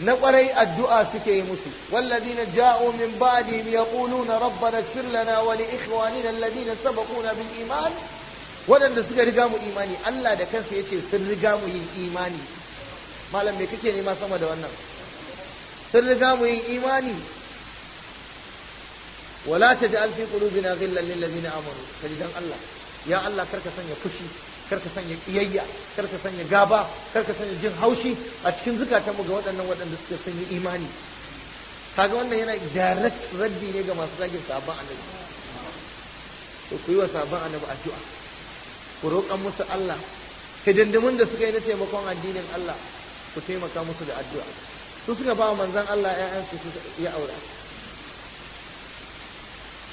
S1: na kwarai addu'a suke yi musu wallazina ja'u min ba'dihim yaquluna rabbana ighfir lana wa li ikhwanina alladhina sabaquna bil iman waɗanda suka riga mu imani Allah da kansa yace sun riga mu yin imani malam me kake nema sama da wannan sun riga mu yin imani wala ta ji taj'al na zillan ghillan na amuru amanu ji don Allah ya Allah karka sanya fushi karka sanya ƙiyayya karka sanya gaba karka sanya jin haushi a cikin zukatanmu ga waɗannan waɗanda suka sanya imani kaga wannan yana direct raddi ne ga masu zagin sabon annabi to ku yi wa sabon annabi addu'a ku roƙan musu Allah hidindimin da suka yi na taimakon addinin Allah ku taimaka musu da addu'a su suka ba manzan Allah su ya aura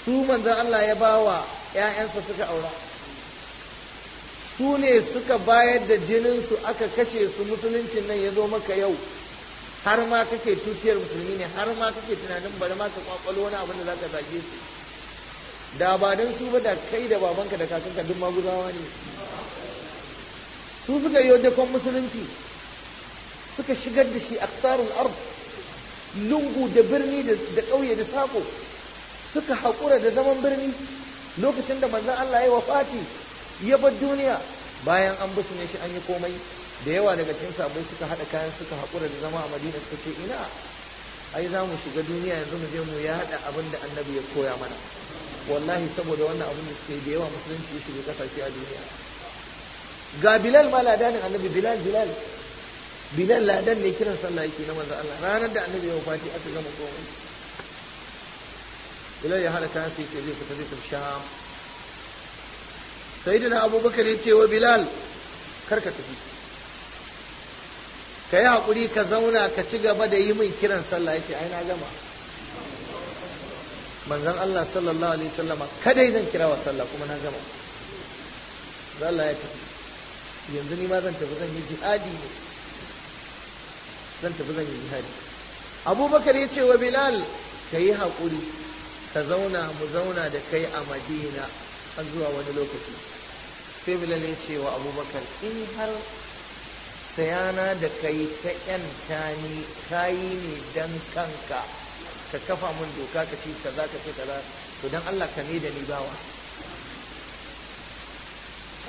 S1: su manzan Allah ya ba wa ‘ya'yansa suka aura su ne suka bayar da jininsu aka kashe su musuluncin nan ya zo maka yau har ma kake tutiyar musulmi ne har ma kake tunanin bari ma ka kwakwalo wani abin da za ka zage su da ba don su ba da kai da babanka da kakanka duk maguzawa ne su suka yi wajen musulunci suka shigar da shi aksarul ard lungu da birni da ƙauye da sako suka haƙura da zaman birni lokacin da manzan Allah ya wafati ya bar duniya bayan an ne shi an yi komai da yawa daga cikin sabai suka haɗa kayan suka haƙura da zama a madina suka ce ina ai za mu shiga duniya yanzu mu je mu haɗa abin da annabi ya koya mana wallahi saboda wannan abin da suke da yawa musulunci ya shiga ƙasashe a duniya ga bilal ma ladanin annabi bilal bilal bilal ladan ne kiran sallah yake na manzo Allah ranar da annabi ya wafati aka gama komai bilal ya hada kayan sai zai fita zai tafi sham sayyidina abubakar ya ce wa bilal kar ka tafi ka yi haƙuri ka zauna ka ci gaba da yi min kiran sallah yake ai na gama manzon Allah sallallahu alaihi Sallama, kadai zan kira wa sallah kuma na gama Allah ya tafi yanzu ni ma zan tafi zan yi jihadi ne zan tafi zan yi jihadi abubakar ya ce wa bilal ka yi haƙuri ka zauna mu zauna da kai a madina har zuwa wani lokaci sai bilal ya ce wa abubakar in har sayana da kai ta yanta ni kayi ne dan kanka ka kafa mun doka ka ce kaza ka ce kaza to dan Allah ka ne da ni bawa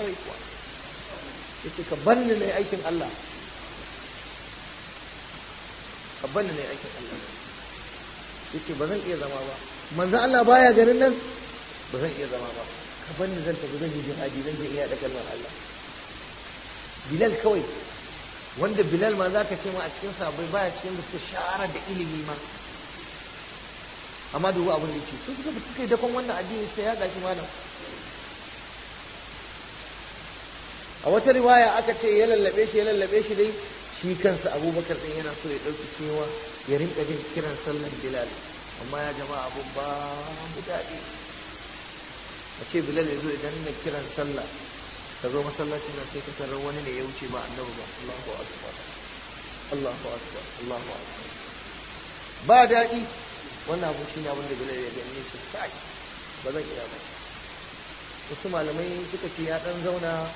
S1: kai kuwa ka banni ne aikin Allah abban da ne aikin Allah yace ba zan iya zama ba manzon Allah baya ganin nan ba zan iya zama ba ka ban ni zan tafi zan yi jihadi zan je iya da kalmar Allah Bilal kawai wanda Bilal ma zaka ce ma a cikin sabai baya cikin da suka shara da ilimi ma amma dubu abin da yake sun kusa da suka wannan addini sai ya gashi malam a wata riwaya aka ce ya lallabe shi ya lallabe shi dai shi kansa abubakar ɗin yana so ya ɗauki cewa ya rinka jin kiran sallar bilal amma ya jama abun ba mu daɗi a ce bilal ya zo idan na kiran sallah ka zo masallacin nan sai ka sarar wani ne ya wuce ba annabi ba Allahu akbar Allahu akbar Allahu akbar ba daɗi wannan abu shine abin da bilal ya gani su sai ba zan iya ba wasu malamai suka ce ya ɗan zauna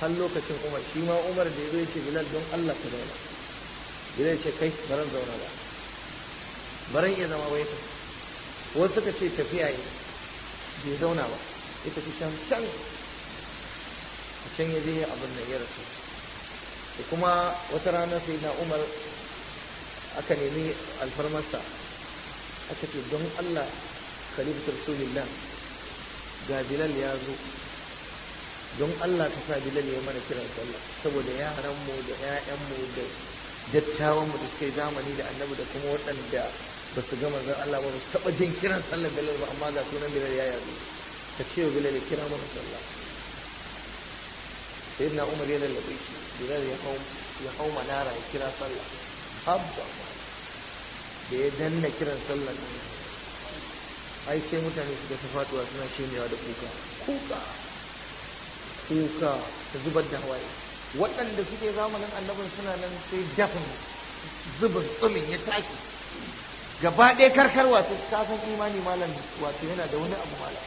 S1: har lokacin umar shi ma umar da ya ce bilal don allah ka zauna bilal ce kai baran zauna ba baran iya zama wai wasu suka ce tafiya yi bai zauna ba ya tafi can can a can ya je abin da ya rasu da kuma wata rana sai na umar aka nemi alfarmarsa aka ce don allah khalifatul sulillah ga bilal ya zo don Allah ka sa Bilal ya mana kiran sallah saboda yaran mu da ƴaƴan mu da dattawan mu da suka yi zamani da annabi da kuma waɗanda ba su gama zan Allah ba su taɓa jin kiran sallah Bilal ba amma ga sunan Bilal ya yazo ka ce wa Bilal ya kira mana sallah sayyidina Umar ya lallabe shi Bilal ya hau ya hau manara ya kira sallah habba da ya danna kiran sallah ai sai mutane suka ta faduwa suna shemewa da kuka kuka kuka da zubar da hawaye waɗanda suke zamanin annabin suna nan sai dafin zubin tsumin ya tashi gaba ɗaya karkar wato kasan imani malam wato yana da wani abu malam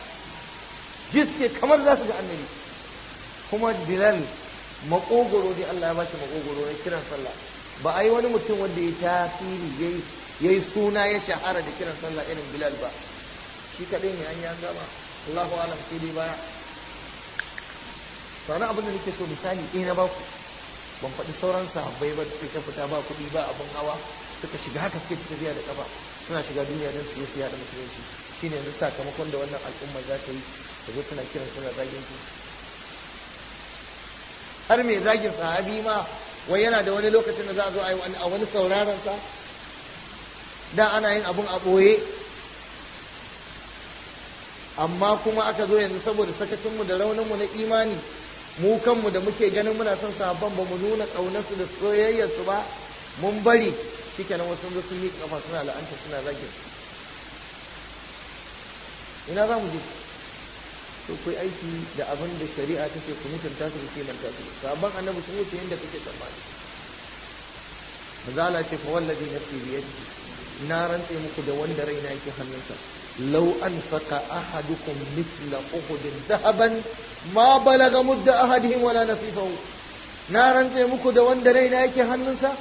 S1: jiske kamar za su ga annabi kuma bilal makogoro dai Allah ya bashi makogoro ya kiran sallah ba a yi wani mutum wanda ya tasiri ya yi suna ya shahara da kiran sallah irin bilal ba shi kaɗai ne an yi an gama Allahu alam sai dai baya to abin da nake so misali ɗaya eh, na baku ban faɗi sauran sahabbai ba da suka fita ba kuɗi ba abin hawa suka shiga haka suke tafiya da kafa suna shiga duniya don su siya da musulunci shine yanzu sakamakon da wannan al'umma za ta yi ta zo tana kiran suna zagin su har mai zagin sahabi ma wai yana da wani lokacin da za a zo a wani sauraron sa da ana yin abun a ɓoye amma kuma aka zo yanzu saboda sakacinmu da rauninmu na imani mu kanmu da muke ganin muna son sababban ba mu nuna ƙaunarsu da soyayyarsu ba mun bari cike na wasu sun yi kafa suna la'anta suna zagin ina za mu je to kai aiki da abin da shari'a ta ce ku mutunta su ke manta su sahabban annabi sun wuce yadda kake tsammani mazala ce fa wallazi nafsi biyadihi na rantse muku da wanda raina yake hannunsa لو أنفق أحدكم مثل أحد ذهبا ما بلغ مد أحدهم ولا نصيفه نارا زي مكو دا وان درينا يكي هننسا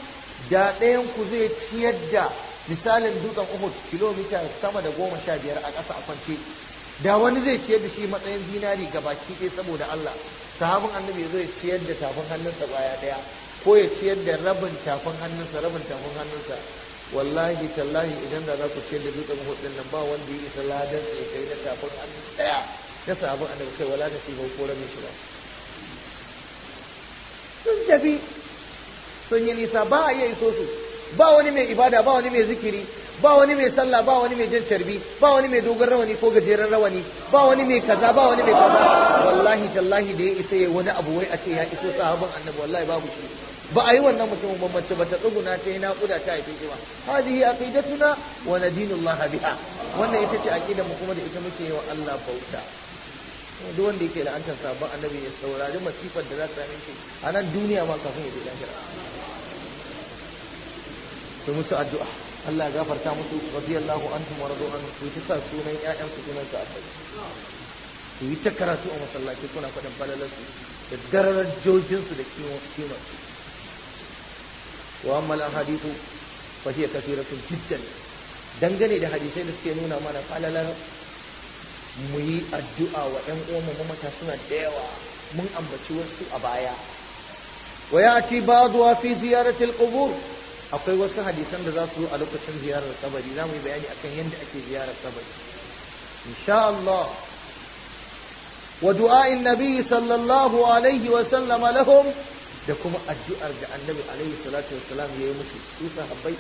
S1: دا دين كوزي تيدا مثال دوتا أحد كيلومتر سما دا قوم شادير أكسا أفنشي da wani zai ciyar da shi matsayin zinari ga baki سبو دا الله sahabin annabi zai ciyar da tafin hannunsa baya daya ko ya ciyar da rabin tafin hannunsa rabin tafin hannunsa wallahi tallahi idan da za ku ce da dutsen hudun nan ba wanda ya isa ladan ya kai na tafin an tsaya na sabon annabi kai wala shi ko rabin shi ba sun tafi sun yi nisa ba a iya iso su ba wani mai ibada ba wani mai zikiri ba wani mai sallah ba wani mai jan carbi ba wani mai dogon rawani ko gajeren rawani ba wani mai kaza ba wani mai kaza wallahi tallahi da ya isa ya wani abu wai a ce ya iso sahabin annabi wallahi babu shi ba a yi wannan mutumin ba mace ba ta tsuguna ta yi naƙuda ta haife shi ba hadihi aqidatuna wa nadinullah biha wannan ita ce aqidar mu kuma da ita muke yi wa Allah bauta duk wanda yake la'antar sabon annabi ya saurari masifar da za ta same shi a nan duniya ma kafin ya je lahira To musu addu'a Allah ya gafarta musu radiyallahu anhum wa radu an su ta sunan ƴaƴan su sunan su akai Ku yi ta karatu a masallaci kuna faɗin falalarsu da darajojinsu da kimar su وأما الأحاديث فهي كثيرة جدا dangane da hadisai da suke nuna mana falalar mu yi addu'a wa ‘yan mu mata suna da yawa mun ambaci wasu a baya wa ya ba zuwa fi ziyaratul qubur akwai wasu hadisan da za su a lokacin ziyarar kabari za mu yi bayani akan yadda ake ziyarar kabari insha Allah wa du'a'in nabi sallallahu alaihi wa sallama lahum da kuma addu'ar da annabi alaihi salatu wassalam ya yi musu su sahabbai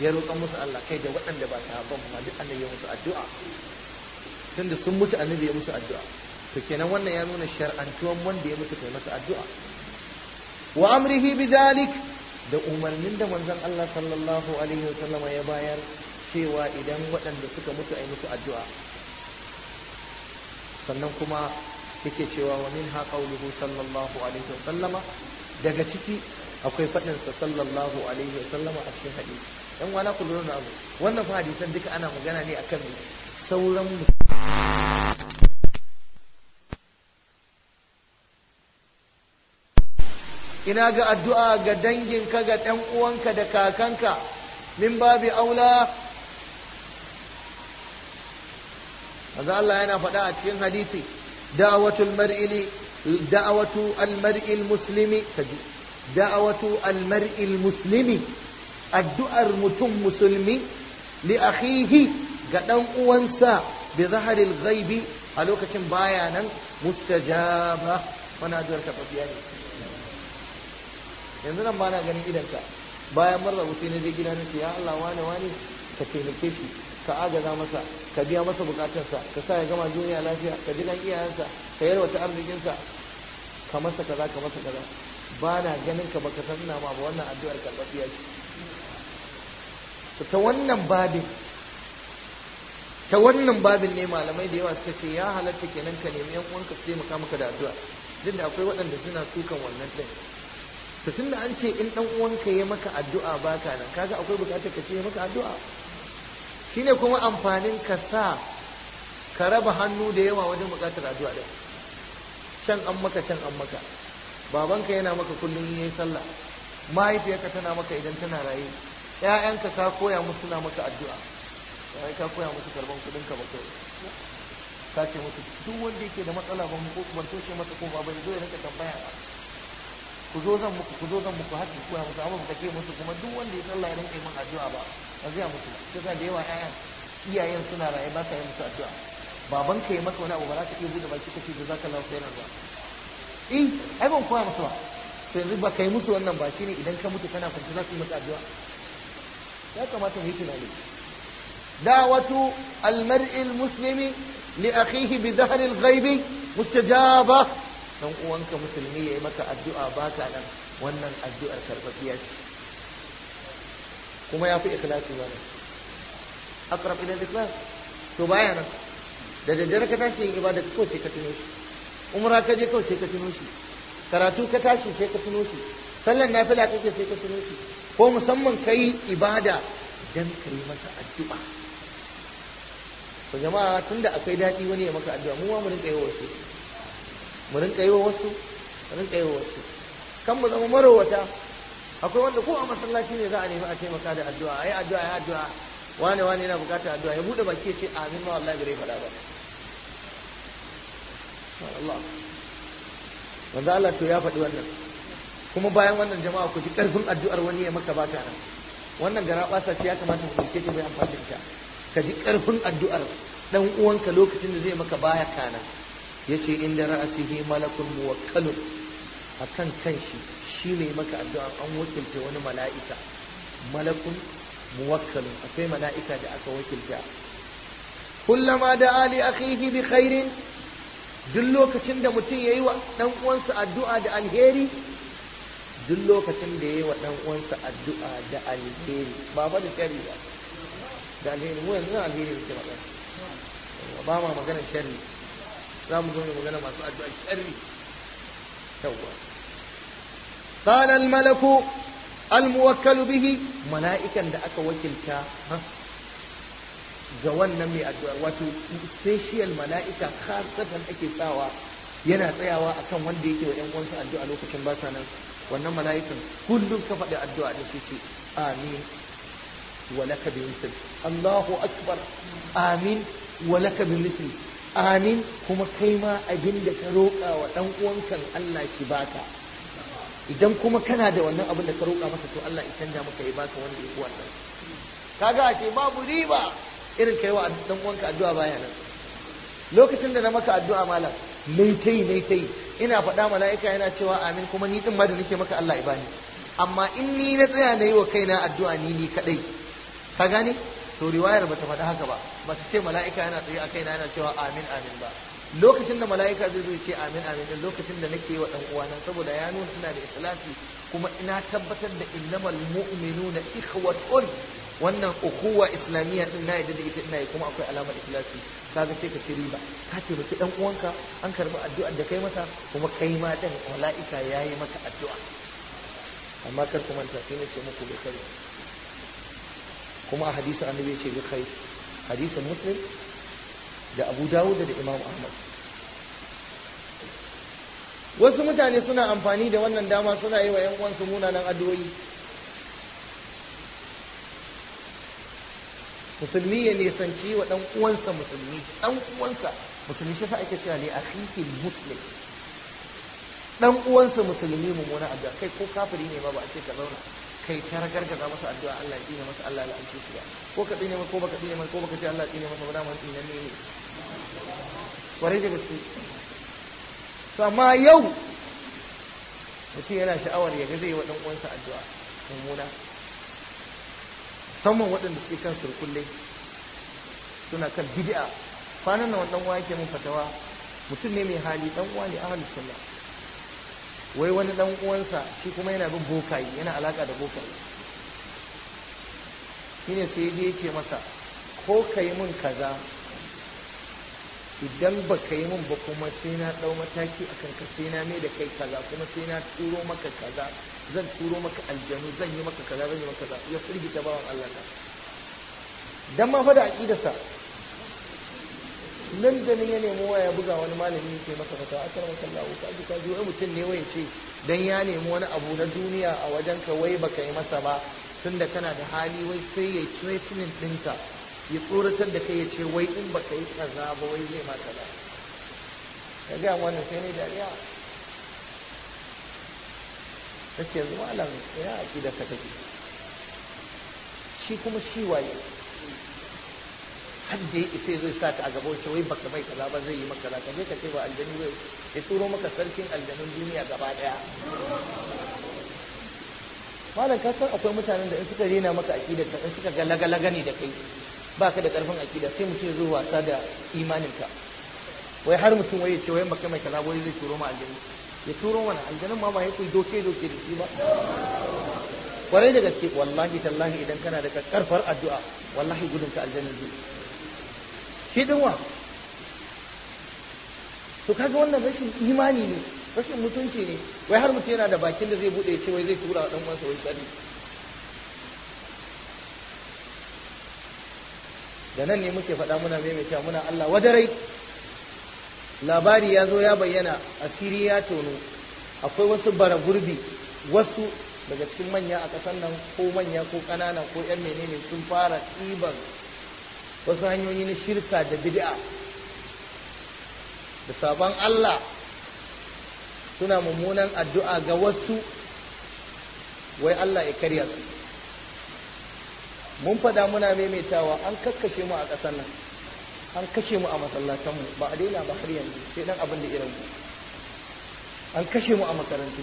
S1: ya roƙa musu Allah kai da waɗanda ba sahabban ma duk annabi ya musu addu'a tunda sun mutu annabi ya musu addu'a to kenan wannan ya nuna shar'antuwan wanda ya mutu kai masa addu'a wa amrihi bidalik da umarnin da manzon Allah sallallahu alaihi wasallama ya bayar cewa idan waɗanda suka mutu ai musu addu'a sannan kuma yake cewa wa min ha qawluhu sallallahu alaihi wasallama daga ciki akwai faɗin sa sallallahu alaihi wa sallama a cikin hadisi dan wala ku lura abu wannan fa hadisan duka ana magana ne akan sauran ina ga addu'a ga danginka ga ɗan uwanka da kakanka min babi aula maza Allah yana faɗa a cikin hadisi da'watul mar'ili da'awatu almar'il muslimi kaji da'awatu almar'il muslimi addu'ar mutum musulmi li akhihi ga ɗan uwansa bi zaharil ghaibi a lokacin baya nan mustajaba wannan addu'ar ta fafiya ne yanzu nan ba na ganin idanka bayan mun rabu sai na je gida na ce ya Allah wane wane ka taimake shi ka agaza masa ka biya masa bukatarsa ka sa ya gama duniya lafiya ka ji iyayensa ka wata arzikinsa ka masa kaza ka masa kaza ba na ganin ka baka san na ma ba wannan addu'ar karɓaɓɓiya ce ta wannan babin ta wannan babin ne malamai da yawa suka ce ya halatta kenan ka nemi yan uwanka su taimaka maka da addu'a duk da akwai waɗanda suna sukan wannan ɗin tun da an ce in ɗan uwanka ya maka addu'a baka nan kaga akwai buƙatar ka ce maka addu'a shine kuma amfanin ka sa ka raba hannu da yawa wajen buƙatar addu'a ɗin can an maka can an maka babanka yana maka kullum yayin sallah mahaifiyarka tana maka idan tana raye ƴaƴanka ka koya musu suna maka addu'a sai ka koya musu karban kudin ka ba kai ka ce musu duk wanda yake da matsala ban ko ban toshe masa ko ba bai zo ya rinka tambaya ba ku zo zan muku ku zo zan muku haƙi koya musu amma ba kake musu kuma duk wanda ya Allah ya rinka yi min addu'a ba ba zai musu ba sai da yawa ƴaƴan iyayen suna raye ba ka yi musu addu'a baban ka yi maka wani abu ba za ka iya buɗe baki kace da zaka lafiya nan ba eh ai ban koya musu ba to yanzu ba kai musu wannan ba shine idan ka mutu kana kwanci za su yi maka addu'a ya kamata mu yi tunani da'watu al-mar'i al-muslimi li akhihi bi dhahr al-ghaibi mustajaba dan uwanka musulmi yayi maka addu'a ba ta nan wannan addu'ar karbabiya ce kuma ya fi ikhlasi ba ne akrab ila al-ikhlas to baya nan da daddare ka tashi yin ibada kawai sai ka tuno shi umra ka je kawai sai ka tuno shi karatu ka tashi sai ka tuno shi sallar nafila kake sai ka tuno shi ko musamman kai ibada dan kai masa addu'a to jama'a tunda akwai daɗi wani ya maka addu'a mu ma mu rinka yi wa wasu mu rinka yi wasu mu rinka yi wasu kan mu zama marowata akwai wanda ko a masallaci ne za a nemi a taimaka da addu'a ayi addu'a ayi addu'a wane wane yana bukatar addu'a ya bude baki ya ce amin ma wallahi bai faɗa ba subhanallah manzo Allah to ya faɗi wannan kuma bayan wannan jama'a ku ji ƙarfin addu'ar wani ya maka baka nan wannan gara ɓasa ce ya kamata ku ke mai amfani da ka ji karfin addu'ar dan uwanka lokacin da zai maka baya kana yace inda ra'asihi malakun a kan kanshi shi ne maka addu'a an wakilta wani mala'ika malakun muwakkalun akwai mala'ika da aka wakilta kullama da ali akhihi bi khairin duk lokacin da mutum ya yi wa ɗan uwansa addu'a da alheri duk lokacin da ya yi wa ɗan uwansa addu'a da alheri ba ba da shari ba da alheri mu yanzu alheri muke magana ba ma magana shari za mu zo mu magana masu addu'a shari yawwa قال الملك الموكل bihi mala'ikan da aka wakilta ga wannan mai addu'a wato special mala'ika khasatan ake sawa
S2: yana tsayawa
S1: akan wanda yake wa 'yan uwansa addu'a lokacin ba sa nan wannan mala'ikan kullum ka faɗi addu'a da shi ce amin wa laka bi Allahu akbar amin wa laka bi amin kuma kai ma abin da ka roƙa wa ɗan uwankan Allah shi baka idan kuma kana da wannan abin da ka roƙa masa to Allah ya canja maka ya baka wanda ya fi wannan kaga ce babu riba irin kai wa dan uwanka addu'a baya nan lokacin da na maka addu'a malam mai tai mai tai ina faɗa mala'ika yana cewa amin kuma ni din ma da nake maka Allah ibani amma in ni na tsaya na yi wa kaina addu'a ni ni kaɗai. ka gane to riwayar bata faɗi haka ba bata ce mala'ika yana tsaye a kaina yana cewa amin amin ba lokacin da mala'ika zai zo ya ce amin amin din lokacin da nake wa dan uwana saboda ya nuna suna da ikhlasi kuma ina tabbatar da innamal mu'minuna ikhwatun wannan ukuwa islamiyya din na yadda da ita ina yi kuma akwai alamar ikhlasi kaga sai ka ci riba ka ce baki dan uwanka an karbi addu'a da kai masa kuma kai ma dan mala'ika yayi maka addu'a amma kar ku manta sai ne ce muku da kai kuma a hadisin annabi ya ce bi kai hadisin muslim da abu dawud da imam ahmad wasu mutane suna amfani da wannan dama suna yi wa yan uwansu munanan addu'o'i musulmi ya nisanci wa dan uwansa musulmi dan uwansa musulmi shi sa ake cewa ne akhihil muslim dan uwansa musulmi mummuna addu'a kai ko kafiri ne ba ba a ce ka zauna kai ta ragargaza masa addu'a Allah ya dina masa Allah ya la'anci shiga ko ka dina masa ko baka dina masa ko baka ce Allah ya dina masa ba da mun ne kware da gaske to amma yau mutum yana sha'awar ya ga zai wa dan uwansa addu'a mummuna musamman waɗanda suke kan surkulle suna kan bid'a kwanan nan wannan wa yake mun fatawa mutum ne mai hali dan uwa ne ahlus sunna wai wani dan uwansa shi kuma yana bin bokai yana alaka da bokayi shine sai dai yake masa ko kai mun kaza idan ba ka yi mun ba kuma sai na ɗau mataki akan ka sai na mai da kai kaza kuma sai na turo maka kaza zan turo maka aljanu zan yi maka kaza zan yi maka kaza ya firgita bawan Allah ta dan ma fa da aqidarsa nan da ne ya nemi waya buga wani malami yake masa fata akar maka ka ji ka ji wai mutum ne wai ce dan ya nemi wani abu na duniya a wajen ka wai baka yi masa ba tunda kana da hali wai sai ya threatening dinka ya tsoratar da kai ya ce wai in baka yi kaza ba wai zai maka ba ka ga wannan sai ne dariya Sace yanzu malam ya aƙida ka take shi kuma shi waye hadda ya isa zai sa a gaba wacce wai baka mai kaza ba zai yi maka kaza kaje ka ce ba aljani zai ya turo maka sarkin aljanun duniya gaba daya malam ka san akwai mutanen da in suka rena maka aƙidar ka in suka ga lagalaga gani da kai baka da karfin aƙida sai mutum zai wasa da imaninka wai har mutum wai ya ce wai maka mai kaza wai zai turo ma aljani. ya turo mana aljanan ma ba ya kai doke doke da shi ba kwarai da gaske wallahi tallahi idan kana da karfar addu'a wallahi gudun ka aljanan zai shi to kaga wannan rashin imani ne rashin mutunci ne wai har mutum yana da bakin da zai bude ya ce wai zai tura dan uwansa wai shari da nan ne muke faɗa muna maimaita muna Allah wadarai labari ya zo ya bayyana asiri ya tono akwai wasu bara gurbi wasu daga cikin manya a ƙasar nan ko manya ko ƙanana ko 'yan menene sun fara tsibar wasu hanyoyi na shirka da bid'a da sabon Allah suna mummunan addu'a ga wasu wai Allah ya karya su mun fada muna maimaitawa an kakkashe mu a ƙasar nan an kashe mu a masallatanmu ba a daina ba har yanzu sai dan abin da irin an kashe mu a makarantu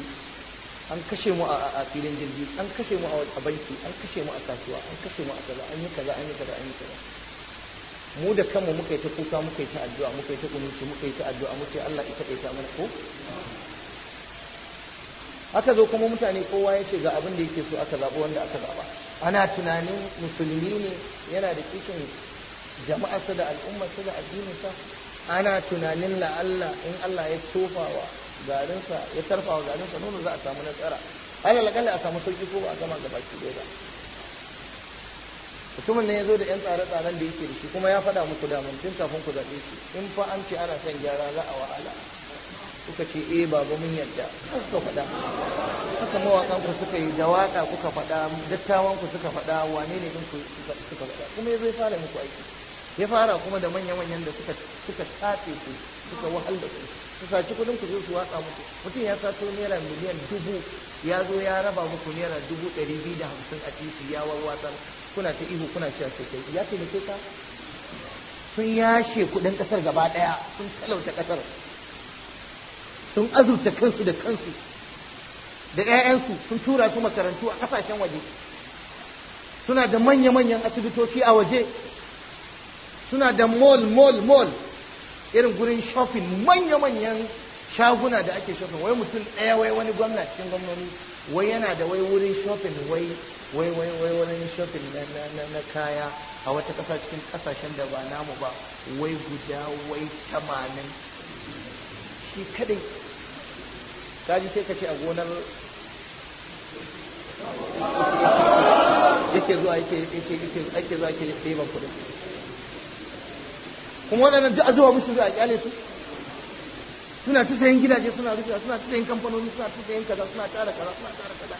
S1: an kashe mu a filin jirgi an kashe mu a banki an kashe mu a kasuwa an kashe mu a kaza an yi kaza an yi kaza an yi kaza mu da kanmu muka yi ta kuka muka yi ta addu'a muka yi ta kunuci muka yi ta addu'a muka Allah ita kaita ta mana ko aka zo kuma mutane kowa ya ce ga abin da yake so aka zaɓi wanda aka zaɓa ana tunanin musulmi ne yana da cikin jama'arsa da al'ummarsa da addininsa ana tunanin la'alla in Allah ya tofawa garinsa ya tarfawa garinsa nono za a samu nasara alal akalla a samu sauki ko ba a gama gaba ki ba mutumin ne ya zo da yan tsare-tsaren da yake da shi kuma ya faɗa muku damun tun kafin ku zaɓe shi in fa an ce ana son gyara za a wa'ala kuka ce eh baba mun yadda kuka faɗa haka mawaƙan ku suka yi da waƙa kuka faɗa dattawan ku suka faɗa wane ne ɗin ku suka faɗa kuma ya zo ya fara muku aiki ya fara kuma da manya-manyan da suka suka tafe ku suka wahal da su su saci kudin ku zo su watsa muku mutum ya sato naira miliyan dubu ya zo ya raba muku naira dubu ɗari biyu da hamsin a titi ya warwatsar kuna ta ihu kuna cewa kai ya taimake ka sun yashe kudin kasar gaba ɗaya sun talauta kasar sun azurta kansu da kansu da ƴaƴansu sun tura su makarantu a ƙasashen waje suna da manya-manyan asibitoci a waje suna da mall mall mall irin gurin shopping manya-manyan shaguna da ake shopping wai mutum ɗaya wai wani gwamna cikin gwamnoni wai yana da wai wurin shopping wai wai wai wai wani shopping na kaya a wata ƙasa cikin ƙasashen da ba namu ba wai guda wai tamanin shi kadai kaji sai ka a gonar yake zuwa yake yake yake zuwa yake kuɗin kuma waɗannan duk azuwa musu zai a kyale su suna ta sayan gidaje suna rufe suna ta sayan kamfanoni suna ta sayan kaza suna tara kaza suna tara kaza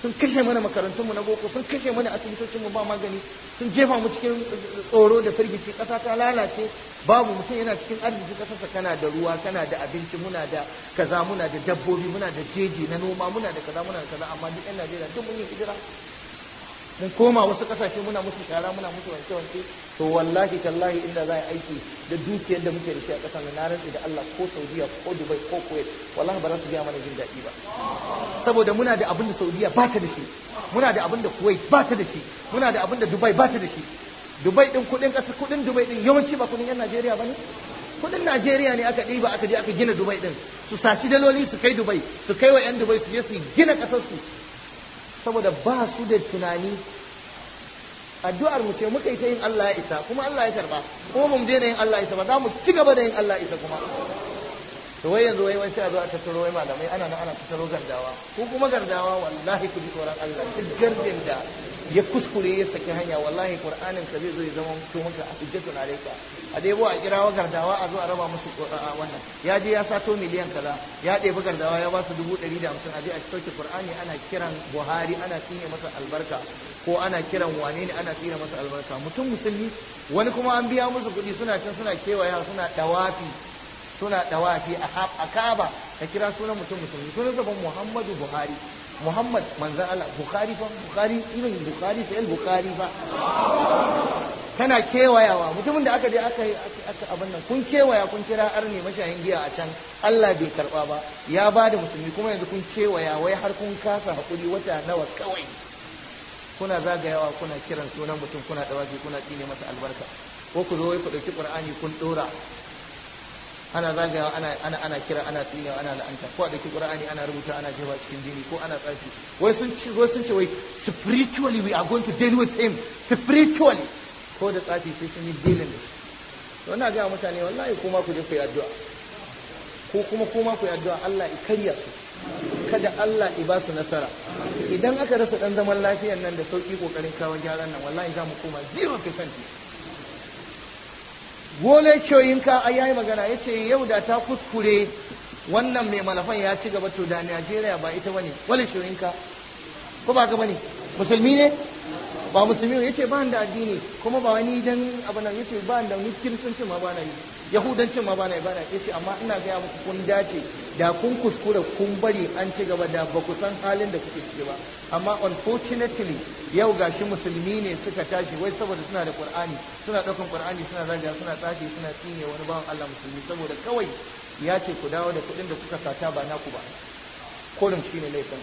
S1: sun kashe mana makarantunmu na boko sun kashe mana asibitocinmu ba magani sun jefa mu cikin tsoro da firgici ƙasa ta lalace babu mutum yana cikin arziki ƙasarsa kana da ruwa kana da abinci muna da kaza muna da dabbobi muna da jeji na noma muna da kaza muna da kaza amma duk 'yan najeriya duk mun yi hijira mun koma wasu kasashe muna musu shara muna musu wanke wanke to wallahi tallahi inda za a aiki da dukiyar da muke da shi a kasar na rantsi da Allah ko Saudiya ko Dubai ko Kuwait wallahi ba za su ga mana jin daɗi ba saboda muna da abin da Saudiya ba ta da shi muna da abin da Kuwait ba ta da shi muna da abin da Dubai ba ta da shi Dubai din kudin kasa kudin Dubai din yawanci ba kudin yan Najeriya bane kudin Najeriya ne aka ɗiba aka je aka gina Dubai din su saci daloli su kai Dubai su kai wa yan Dubai su je su gina kasar su saboda ba su da tunani addu'ar mu ce muka yi ta yin Allah ya isa kuma Allah ya karba ko mu daina yin Allah ya isa ba za mu ci gaba da yin Allah ya isa kuma to wai yanzu wai sai a zo a tattaro wai malamai ana nan ana tattaro gardawa ko kuma gardawa wallahi ku ji tsoron Allah duk gardin da ya kuskure ya saki hanya wallahi qur'anin ka zai zo ya zama to maka hujjatun alayka a debo a kirawo gardawa a zo a raba musu wannan ya je ya sato miliyan kaza ya ɗebi gardawa ya ba su dubu ɗari da hamsin a je a sauke qur'ani ana kiran buhari ana tsine masa albarka ko ana kiran wane ne ana tsira masa albarka mutum musulmi wani kuma an biya musu kuɗi suna can suna kewaya suna dawafi suna dawafi a kaba ka kira sunan mutum musulmi sunan zaban muhammadu buhari muhammad manzan Allah Bukhari fa Bukhari irin Bukhari sai Bukhari fa kana kewayawa mutumin da aka je aka yi aka abin nan kun kewaya kun kira arne mashayin giya a can Allah bai karba ba ya ba da musulmi kuma yanzu kun kewaya wai har kun kasa hakuri wata nawa kawai kuna zagayawa kuna kiran sunan mutum kuna dawaki kuna tsine masa albarka ko ku zo wai ku dauki qur'ani kun dora ana zagawa ana ana ana kira ana tsinewa ana la'anta ko a daki qur'ani ana rubuta ana jefa cikin jini ko ana tsafi wai sun ce wai sun ce wai spiritually we are going to deal with him spiritually ko da tsafi sai sun yi dealing da shi to ina ga mutane wallahi kuma ku je ku yi addu'a ko kuma kuma ku yi addu'a Allah ya karya su kada Allah ya ba su nasara idan aka rasa dan zaman lafiyar nan da sauki kokarin kawo gyaran nan wallahi za mu koma 0% gole shoyinka a yayi magana ya ce yau da ta kuskure wannan mai malafan ya ci gaba to da Najeriya ba ita bane wale shoyinka ko ba ka bane musulmi ne ba musulmi yace ba da addini kuma ba wani dan abu nan yace ba da sun kiristancin ma ba na yi yahudancin ma ba na yi ba na yace amma ina gaya muku kun dace da kun kuskura kun bari an ci gaba da ba ku san halin da kuke ciki ba amma unfortunately yau ga shi musulmi ne suka tashi wai saboda suna da qur'ani suna daukan qur'ani suna zagaya suna tsafi suna tsine wani bawan Allah musulmi saboda kawai ya ce ku dawo da kuɗin da kuka sata ba naku ba kullum ne laifin